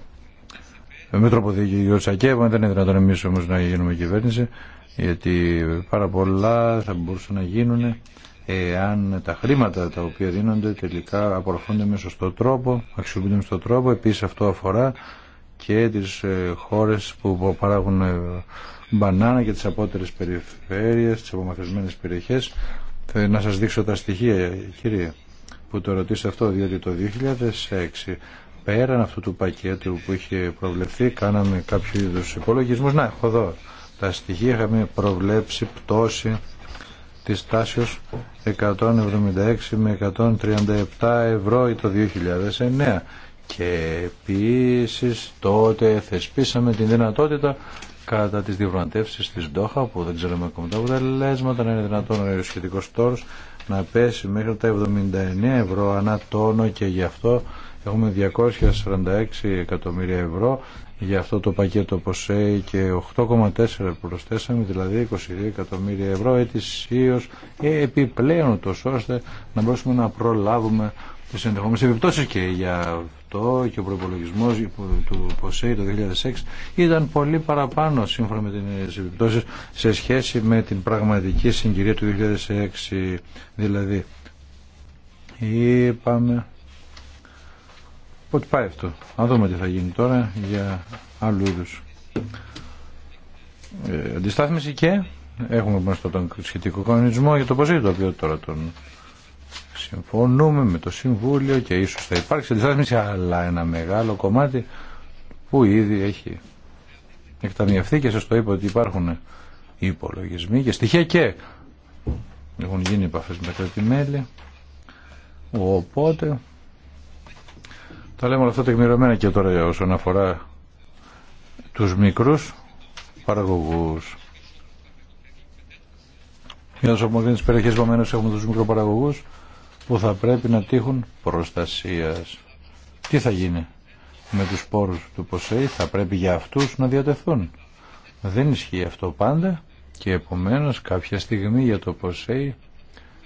με τρόπο δίκαιο τσακεύμα. Δεν είναι δυνατόν εμεί όμω να γίνουμε κυβέρνηση, γιατί πάρα πολλά θα μπορούσαν να γίνουν εάν τα χρήματα τα οποία δίνονται τελικά απορροφούνται με σωστό τρόπο, αξιοποιούνται με σωστό τρόπο. Επίση αυτό αφορά και τις ε, χώρε που παράγουν ε, μπανάνα και τι απότερες περιφέρειες, τι απομακρυσμένε περιοχέ ε, να σα δείξω τα στοιχεία, κύριε, που το ρωτήσατε αυτό, διότι το 2006 πέραν αυτού του πακέτου που είχε προβλεφθεί κάναμε κάποιο είδου υπολογισμού. Να, έχω εδώ τα στοιχεία. Είχαμε προβλέψει πτώση τη τάση 176 με 137 ευρώ ή το 2009 και επίση τότε θεσπίσαμε την δυνατότητα κατά τι διαπραγματεύσεις της Ντόχα που δεν ξέραμε ακόμα τα αποτελέσματα να είναι δυνατόν ο σχετικός τόρος να πέσει μέχρι τα 79 ευρώ ανά τόνο και γι' αυτό Έχουμε 246 εκατομμύρια ευρώ για αυτό το πακέτο ΠΟΣΕΙ και 8,4 προσθέσαμε, δηλαδή 22 εκατομμύρια ευρώ ετησίως επιπλέον τόσο ώστε να μπορούμε να προλάβουμε τις ενδεχόμενες επιπτώσεις και για αυτό και ο προπολογισμό του ΠΟΣΕΙ το 2006 ήταν πολύ παραπάνω σύμφωνα με τις επιπτώσεις σε σχέση με την πραγματική συγκυρία του 2006 δηλαδή είπαμε Οπότε πάει αυτό. Να δούμε τι θα γίνει τώρα για άλλου είδου. Ε, αντιστάθμιση και έχουμε μέσα τον σχετικό κανονισμό για το ποσί το οποίο τώρα τον συμφωνούμε με το Συμβούλιο και ίσως θα υπάρξει αντιστάθμιση αλλά ένα μεγάλο κομμάτι που ήδη έχει εκταμιευθεί και σα το είπα ότι υπάρχουν υπολογισμοί και στοιχεία και έχουν γίνει επαφές με τα μέλη. οπότε τα λέμε όλα αυτά τεκμηρωμένα και τώρα όσον αφορά τους μικρούς παραγωγούς. Για τους τις περιοχές έχουμε τους παραγωγούς που θα πρέπει να τύχουν προστασίας. Τι θα γίνει με τους πόρους του ΠΟΣΕΙ, θα πρέπει για αυτούς να διατεθούν. Δεν ισχύει αυτό πάντα και επομένως κάποια στιγμή για το ΠΟΣΕΙ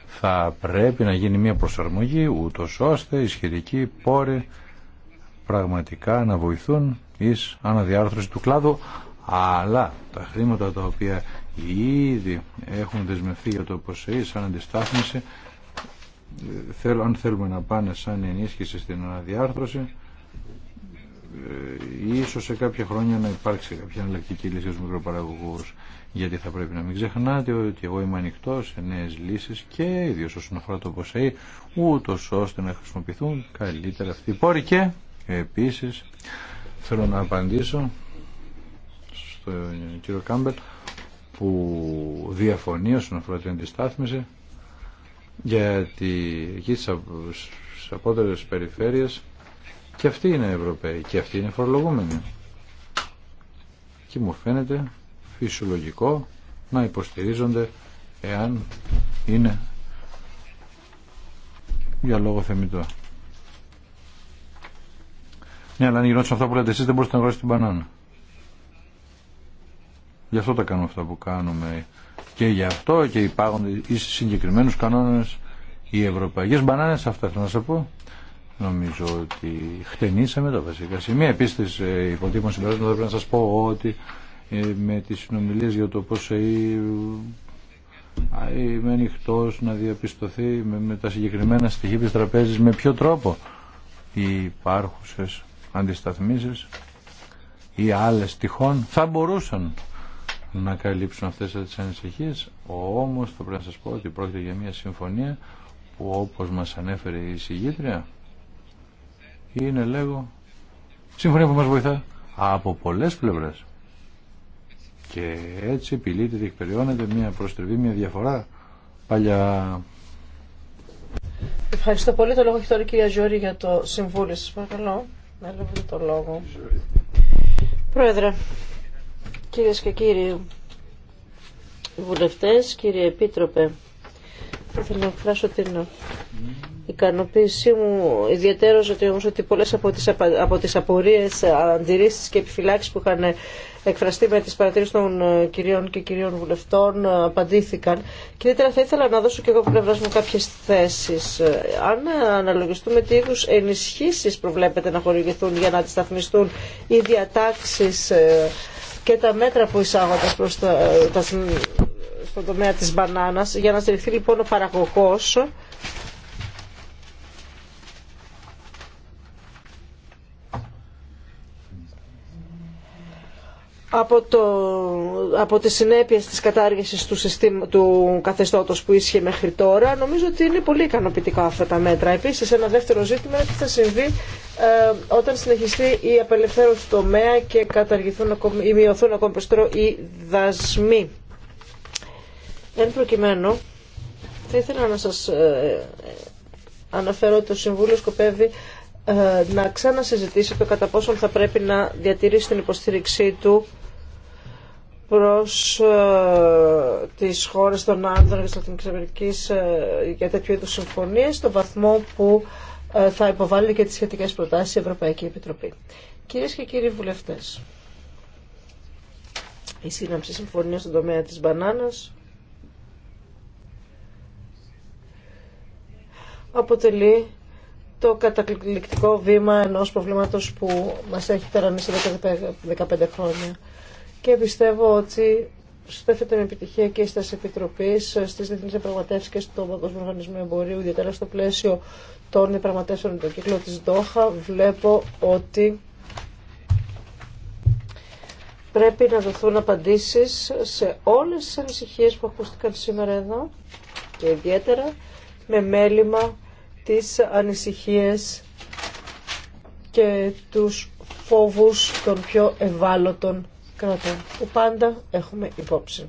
θα πρέπει να γίνει μια προσαρμογή ούτως ώστε ισχυρικοί πόροι πραγματικά να βοηθούν εις αναδιάρθρωση του κλάδου αλλά τα χρήματα τα οποία ήδη έχουν δεσμευτεί για το ΠΟΣΕΗ σαν αντιστάθμιση αν θέλουμε να πάνε σαν ενίσχυση στην αναδιάρθρωση ε, ίσως σε κάποια χρόνια να υπάρξει κάποια εναλλακτική λύση στους μικροπαραγωγούς γιατί θα πρέπει να μην ξεχνάτε ότι εγώ είμαι ανοιχτό σε νέες λύσεις και ιδίως όσον αφορά το ΠΟΣΕΗ ούτως ώστε να χρησιμοποιηθούν καλύτερα αυτοί οι πόροι και Επίσης, θέλω να απαντήσω στον κύριο Κάμπελ που διαφωνεί όσον αφορά την αντιστάθμιση γιατί εκεί στις απότερες περιφέρειες και αυτοί είναι Ευρωπαίοι και αυτοί είναι φορολογούμενοι και μου φαίνεται φυσιολογικό να υποστηρίζονται εάν είναι για λόγο θεμητό. Ναι, αλλά αν γινόταν αυτά που λέτε εσεί, δεν μπορούσατε να αγοράσετε την μπανάνα. Γι' αυτό τα κάνουμε αυτά που κάνουμε. Και γι' αυτό και υπάρχουν ίσως συγκεκριμένου κανόνε οι ευρωπαϊκέ μπανάνε αυτά θέλω να σα πω. Νομίζω ότι χτενήσαμε τα βασικά σημεία. επίση ε, υποτύπων συμπεράσματα πρέπει να σας πω ότι ε, με τι συνομιλίε για το πώς ε, είμαι ανοιχτό να διαπιστωθεί με, τα συγκεκριμένα στοιχεία τη τραπέζη, με ποιο τρόπο οι υπάρχουσες αντισταθμίσεις ή άλλες τυχόν θα μπορούσαν να καλύψουν αυτές τις ανησυχίες όμως θα πρέπει να σας πω ότι πρόκειται για μια συμφωνία που όπως μας ανέφερε η συγγήτρια είναι λέγω συμφωνία που μας βοηθά από πολλές πλευρές και έτσι επιλύεται, διεκπεριώνεται μια προστριβή, μια διαφορά παλιά. Ευχαριστώ πολύ. Το λόγο έχει τώρα η κυρία για το συμβούλιο σας παρακαλώ να το λόγο. Πρόεδρε, κυρίες και κύριοι βουλευτές, κύριε Επίτροπε, θα ήθελα να εκφράσω την ικανοποίησή μου, ιδιαίτερο ότι όμω ότι πολλέ από τι από τις απορίες, αντιρρήσεις και επιφυλάξει που είχαν εκφραστεί με τι παρατηρήσει των ε, κυρίων και κυρίων βουλευτών ε, απαντήθηκαν. Και θα ήθελα να δώσω και εγώ πλευρά μου κάποιες θέσει. Ε, αν αναλογιστούμε τι είδου ενισχύσει προβλέπεται να χορηγηθούν για να αντισταθμιστούν οι διατάξει και τα μέτρα που εισάγονται προς τα, τα στον τομέα της μπανάνας. Για να στηριχθεί λοιπόν ο παραγωγός από, το, από τις συνέπειες της κατάργησης του, συστήμα, καθεστώτος που ίσχυε μέχρι τώρα νομίζω ότι είναι πολύ ικανοποιητικά αυτά τα μέτρα. Επίσης ένα δεύτερο ζήτημα είναι τι θα συμβεί ε, όταν συνεχιστεί η απελευθέρωση τομέα και καταργηθούν ή μειωθούν ακόμη περισσότερο οι δασμοί. Εν προκειμένου, θα ήθελα να σας ε, αναφέρω ότι το Συμβούλιο σκοπεύει ε, να ξανασυζητήσει το κατά πόσον θα πρέπει να διατηρήσει την υποστήριξή του προς ε, τις χώρες των Άνδρων και της Λατινικής Αμερικής για τέτοιου είδους συμφωνίες στον βαθμό που θα υποβάλει και τις σχετικές προτάσεις η Ευρωπαϊκή Επιτροπή. Κυρίες και κύριοι βουλευτές, η σύναψη συμφωνία στον τομέα της μπανάνας αποτελεί το κατακληκτικό βήμα ενός προβλήματος που μας έχει ταρανίσει 15 χρόνια. Και πιστεύω ότι στέφεται με επιτυχία και στις επιτροπές, στι διεθνεί διαπραγματεύσει και στον Παγκόσμιο Οργανισμό Εμπορίου, ιδιαίτερα στο πλαίσιο των διαπραγματεύσεων του κύκλο τη Δόχα, βλέπω ότι πρέπει να δοθούν απαντήσει σε όλε τι ανησυχίε που ακούστηκαν σήμερα εδώ και ιδιαίτερα με μέλημα τις ανησυχίες και τους φόβους των πιο ευάλωτων κρατών που πάντα έχουμε υπόψη.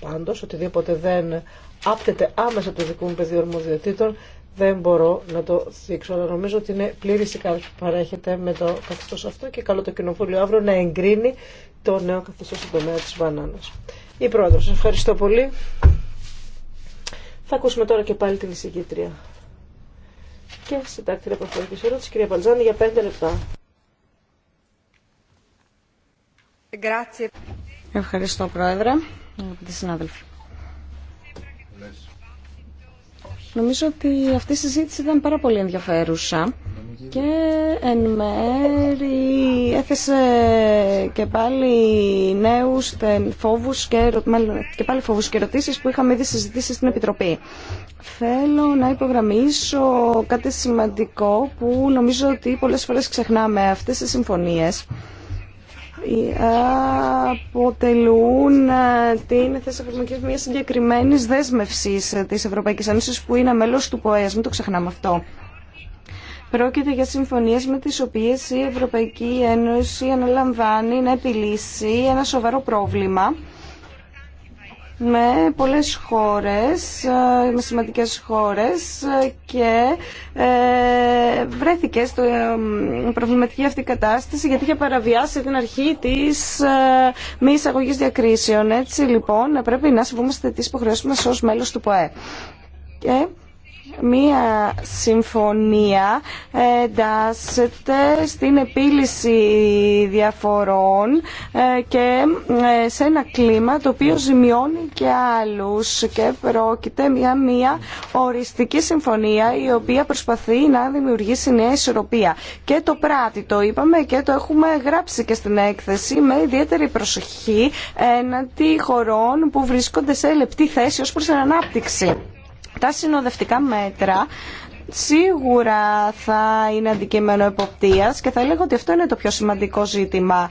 Πάντως, οτιδήποτε δεν άπτεται άμεσα το δικού μου πεδίου δεν μπορώ να το δείξω, αλλά νομίζω ότι είναι πλήρη η που παρέχεται με το καθεστώ αυτό και καλό το Κοινοβούλιο αύριο να εγκρίνει το νέο καθεστώ στον τομέα τη μπανάνα. Η πρόεδρο, ευχαριστώ πολύ. Θα ακούσουμε τώρα και πάλι την εισηγήτρια. Και συντάκτηρα προφορική ερώτηση, κυρία Παντζάνη, για πέντε λεπτά. Ευχαριστώ, Πρόεδρε, αγαπητοί συνάδελφοι. Νομίζω ότι αυτή η συζήτηση ήταν πάρα πολύ ενδιαφέρουσα και εν μέρη έθεσε και πάλι νέους φόβους και, και πάλι φόβους και ερωτήσεις που είχαμε ήδη συζητήσει στην Επιτροπή. Θέλω να υπογραμμίσω κάτι σημαντικό που νομίζω ότι πολλές φορές ξεχνάμε αυτές τις συμφωνίες ε, αποτελούν ε, την θέση εφαρμογή μια συγκεκριμένη δέσμευση ε, τη Ευρωπαϊκή Ένωση που είναι μέλο του ΠΟΕΣ. Μην το ξεχνάμε αυτό. Πρόκειται για συμφωνίες με τις οποίες η Ευρωπαϊκή Ένωση αναλαμβάνει να επιλύσει ένα σοβαρό πρόβλημα με πολλές χώρες, ε, με σημαντικές χώρες και ε, βρέθηκε στο ε, προβληματική αυτή κατάσταση γιατί είχε παραβιάσει την αρχή της μη εισαγωγή διακρίσεων. Έτσι λοιπόν πρέπει να συμβούμαστε τις υποχρεώσεις μας ως μέλος του ΠΟΕ. Και μία συμφωνία εντάσσεται στην επίλυση διαφορών ε, και ε, σε ένα κλίμα το οποίο ζημιώνει και άλλους και πρόκειται μια μία οριστική συμφωνία η οποία προσπαθεί να δημιουργήσει νέα ισορροπία και το πράττει το είπαμε και το έχουμε γράψει και στην έκθεση με ιδιαίτερη προσοχή έναντι χωρών που βρίσκονται σε λεπτή θέση ως προς την ανάπτυξη. Τα συνοδευτικά μέτρα σίγουρα θα είναι αντικείμενο εποπτείας και θα έλεγα ότι αυτό είναι το πιο σημαντικό ζήτημα.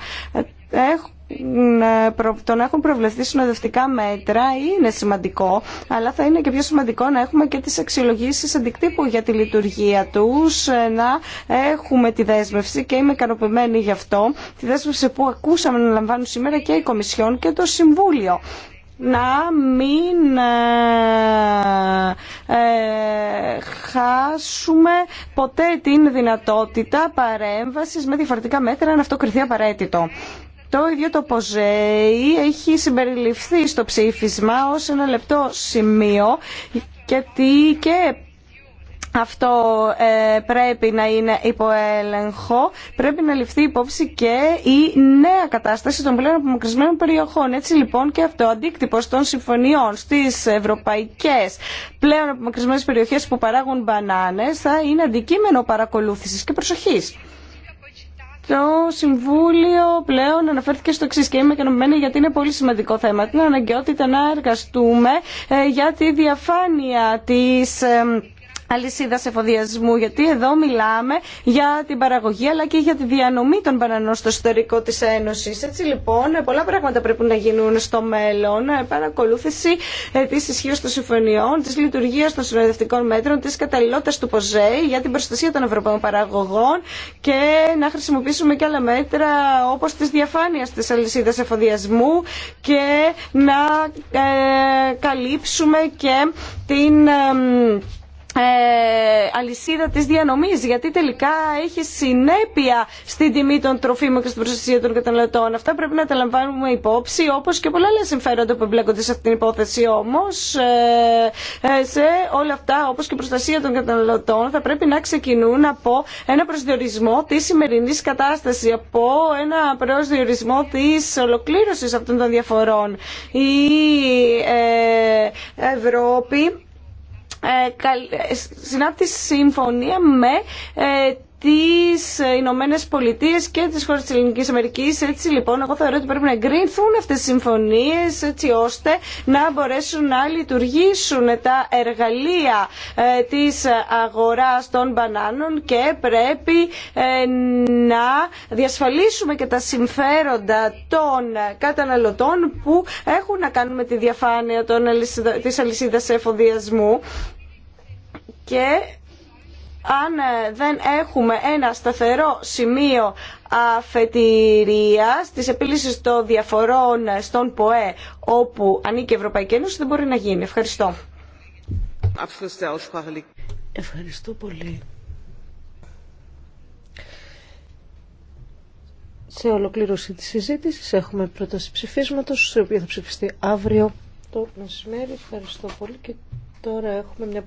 Το να έχουν προβλεφθεί συνοδευτικά μέτρα είναι σημαντικό, αλλά θα είναι και πιο σημαντικό να έχουμε και τις αξιολογήσεις αντικτύπου για τη λειτουργία τους, να έχουμε τη δέσμευση και είμαι ικανοποιημένη γι' αυτό, τη δέσμευση που ακούσαμε να λαμβάνουν σήμερα και η Κομισιόν και το Συμβούλιο να μην ε, ε, χάσουμε ποτέ την δυνατότητα παρέμβασης με διαφορετικά μέτρα αν αυτό κριθεί απαραίτητο. Το ίδιο το ΠΟΖΕΙ έχει συμπεριληφθεί στο ψήφισμα ως ένα λεπτό σημείο γιατί και αυτό ε, πρέπει να είναι υποέλεγχο, πρέπει να ληφθεί υπόψη και η νέα κατάσταση των πλέον απομακρυσμένων περιοχών. Έτσι λοιπόν και αυτό ο αντίκτυπος των συμφωνιών στι ευρωπαϊκέ πλέον απομακρυσμένε περιοχέ που παράγουν μπανάνε, θα είναι αντικείμενο παρακολούθηση και προσοχή. Το Συμβούλιο πλέον αναφέρθηκε στο εξή και είμαι ικανοποιημένη γιατί είναι πολύ σημαντικό θέμα. Την αναγκαιότητα να εργαστούμε ε, για τη διαφάνεια της ε, αλυσίδα εφοδιασμού, γιατί εδώ μιλάμε για την παραγωγή αλλά και για τη διανομή των μπανανών στο εσωτερικό της Ένωσης. Έτσι λοιπόν πολλά πράγματα πρέπει να γίνουν στο μέλλον, παρακολούθηση της ισχύω των συμφωνιών, της λειτουργίας των συνοδευτικών μέτρων, της καταλληλότητας του ΠΟΖΕ για την προστασία των ευρωπαίων παραγωγών και να χρησιμοποιήσουμε και άλλα μέτρα όπως της διαφάνειας της αλυσίδας εφοδιασμού και να ε, καλύψουμε και την ε, αλυσίδα της διανομής γιατί τελικά έχει συνέπεια στην τιμή των τροφίμων και στην προστασία των καταναλωτών. Αυτά πρέπει να τα λαμβάνουμε υπόψη όπως και πολλά άλλα συμφέροντα που εμπλέκονται σε αυτή την υπόθεση όμως ε, ε, σε όλα αυτά όπως και η προστασία των καταναλωτών θα πρέπει να ξεκινούν από ένα προσδιορισμό της σημερινής κατάστασης από ένα προσδιορισμό της ολοκλήρωσης αυτών των διαφορών. Η Ευρώπη ε, ε, συνάπτει συμφωνία με ε, τις Ηνωμένε Πολιτείες και τις χώρες της Ελληνικής Αμερικής. Έτσι λοιπόν, εγώ θεωρώ ότι πρέπει να εγκρίνθουν αυτές οι συμφωνίες έτσι ώστε να μπορέσουν να λειτουργήσουν τα εργαλεία της αγοράς των μπανάνων και πρέπει να διασφαλίσουμε και τα συμφέροντα των καταναλωτών που έχουν να κάνουν με τη διαφάνεια της αλυσίδας εφοδιασμού και αν ε, δεν έχουμε ένα σταθερό σημείο αφετηρίας της επίλυσης των διαφορών στον ΠΟΕ όπου ανήκει η Ευρωπαϊκή Ένωση δεν μπορεί να γίνει. Ευχαριστώ. Ευχαριστώ πολύ. Σε ολοκλήρωση της συζήτησης έχουμε πρόταση ψηφίσματος, η οποία θα ψηφιστεί αύριο το μεσημέρι. Ευχαριστώ πολύ και τώρα έχουμε μια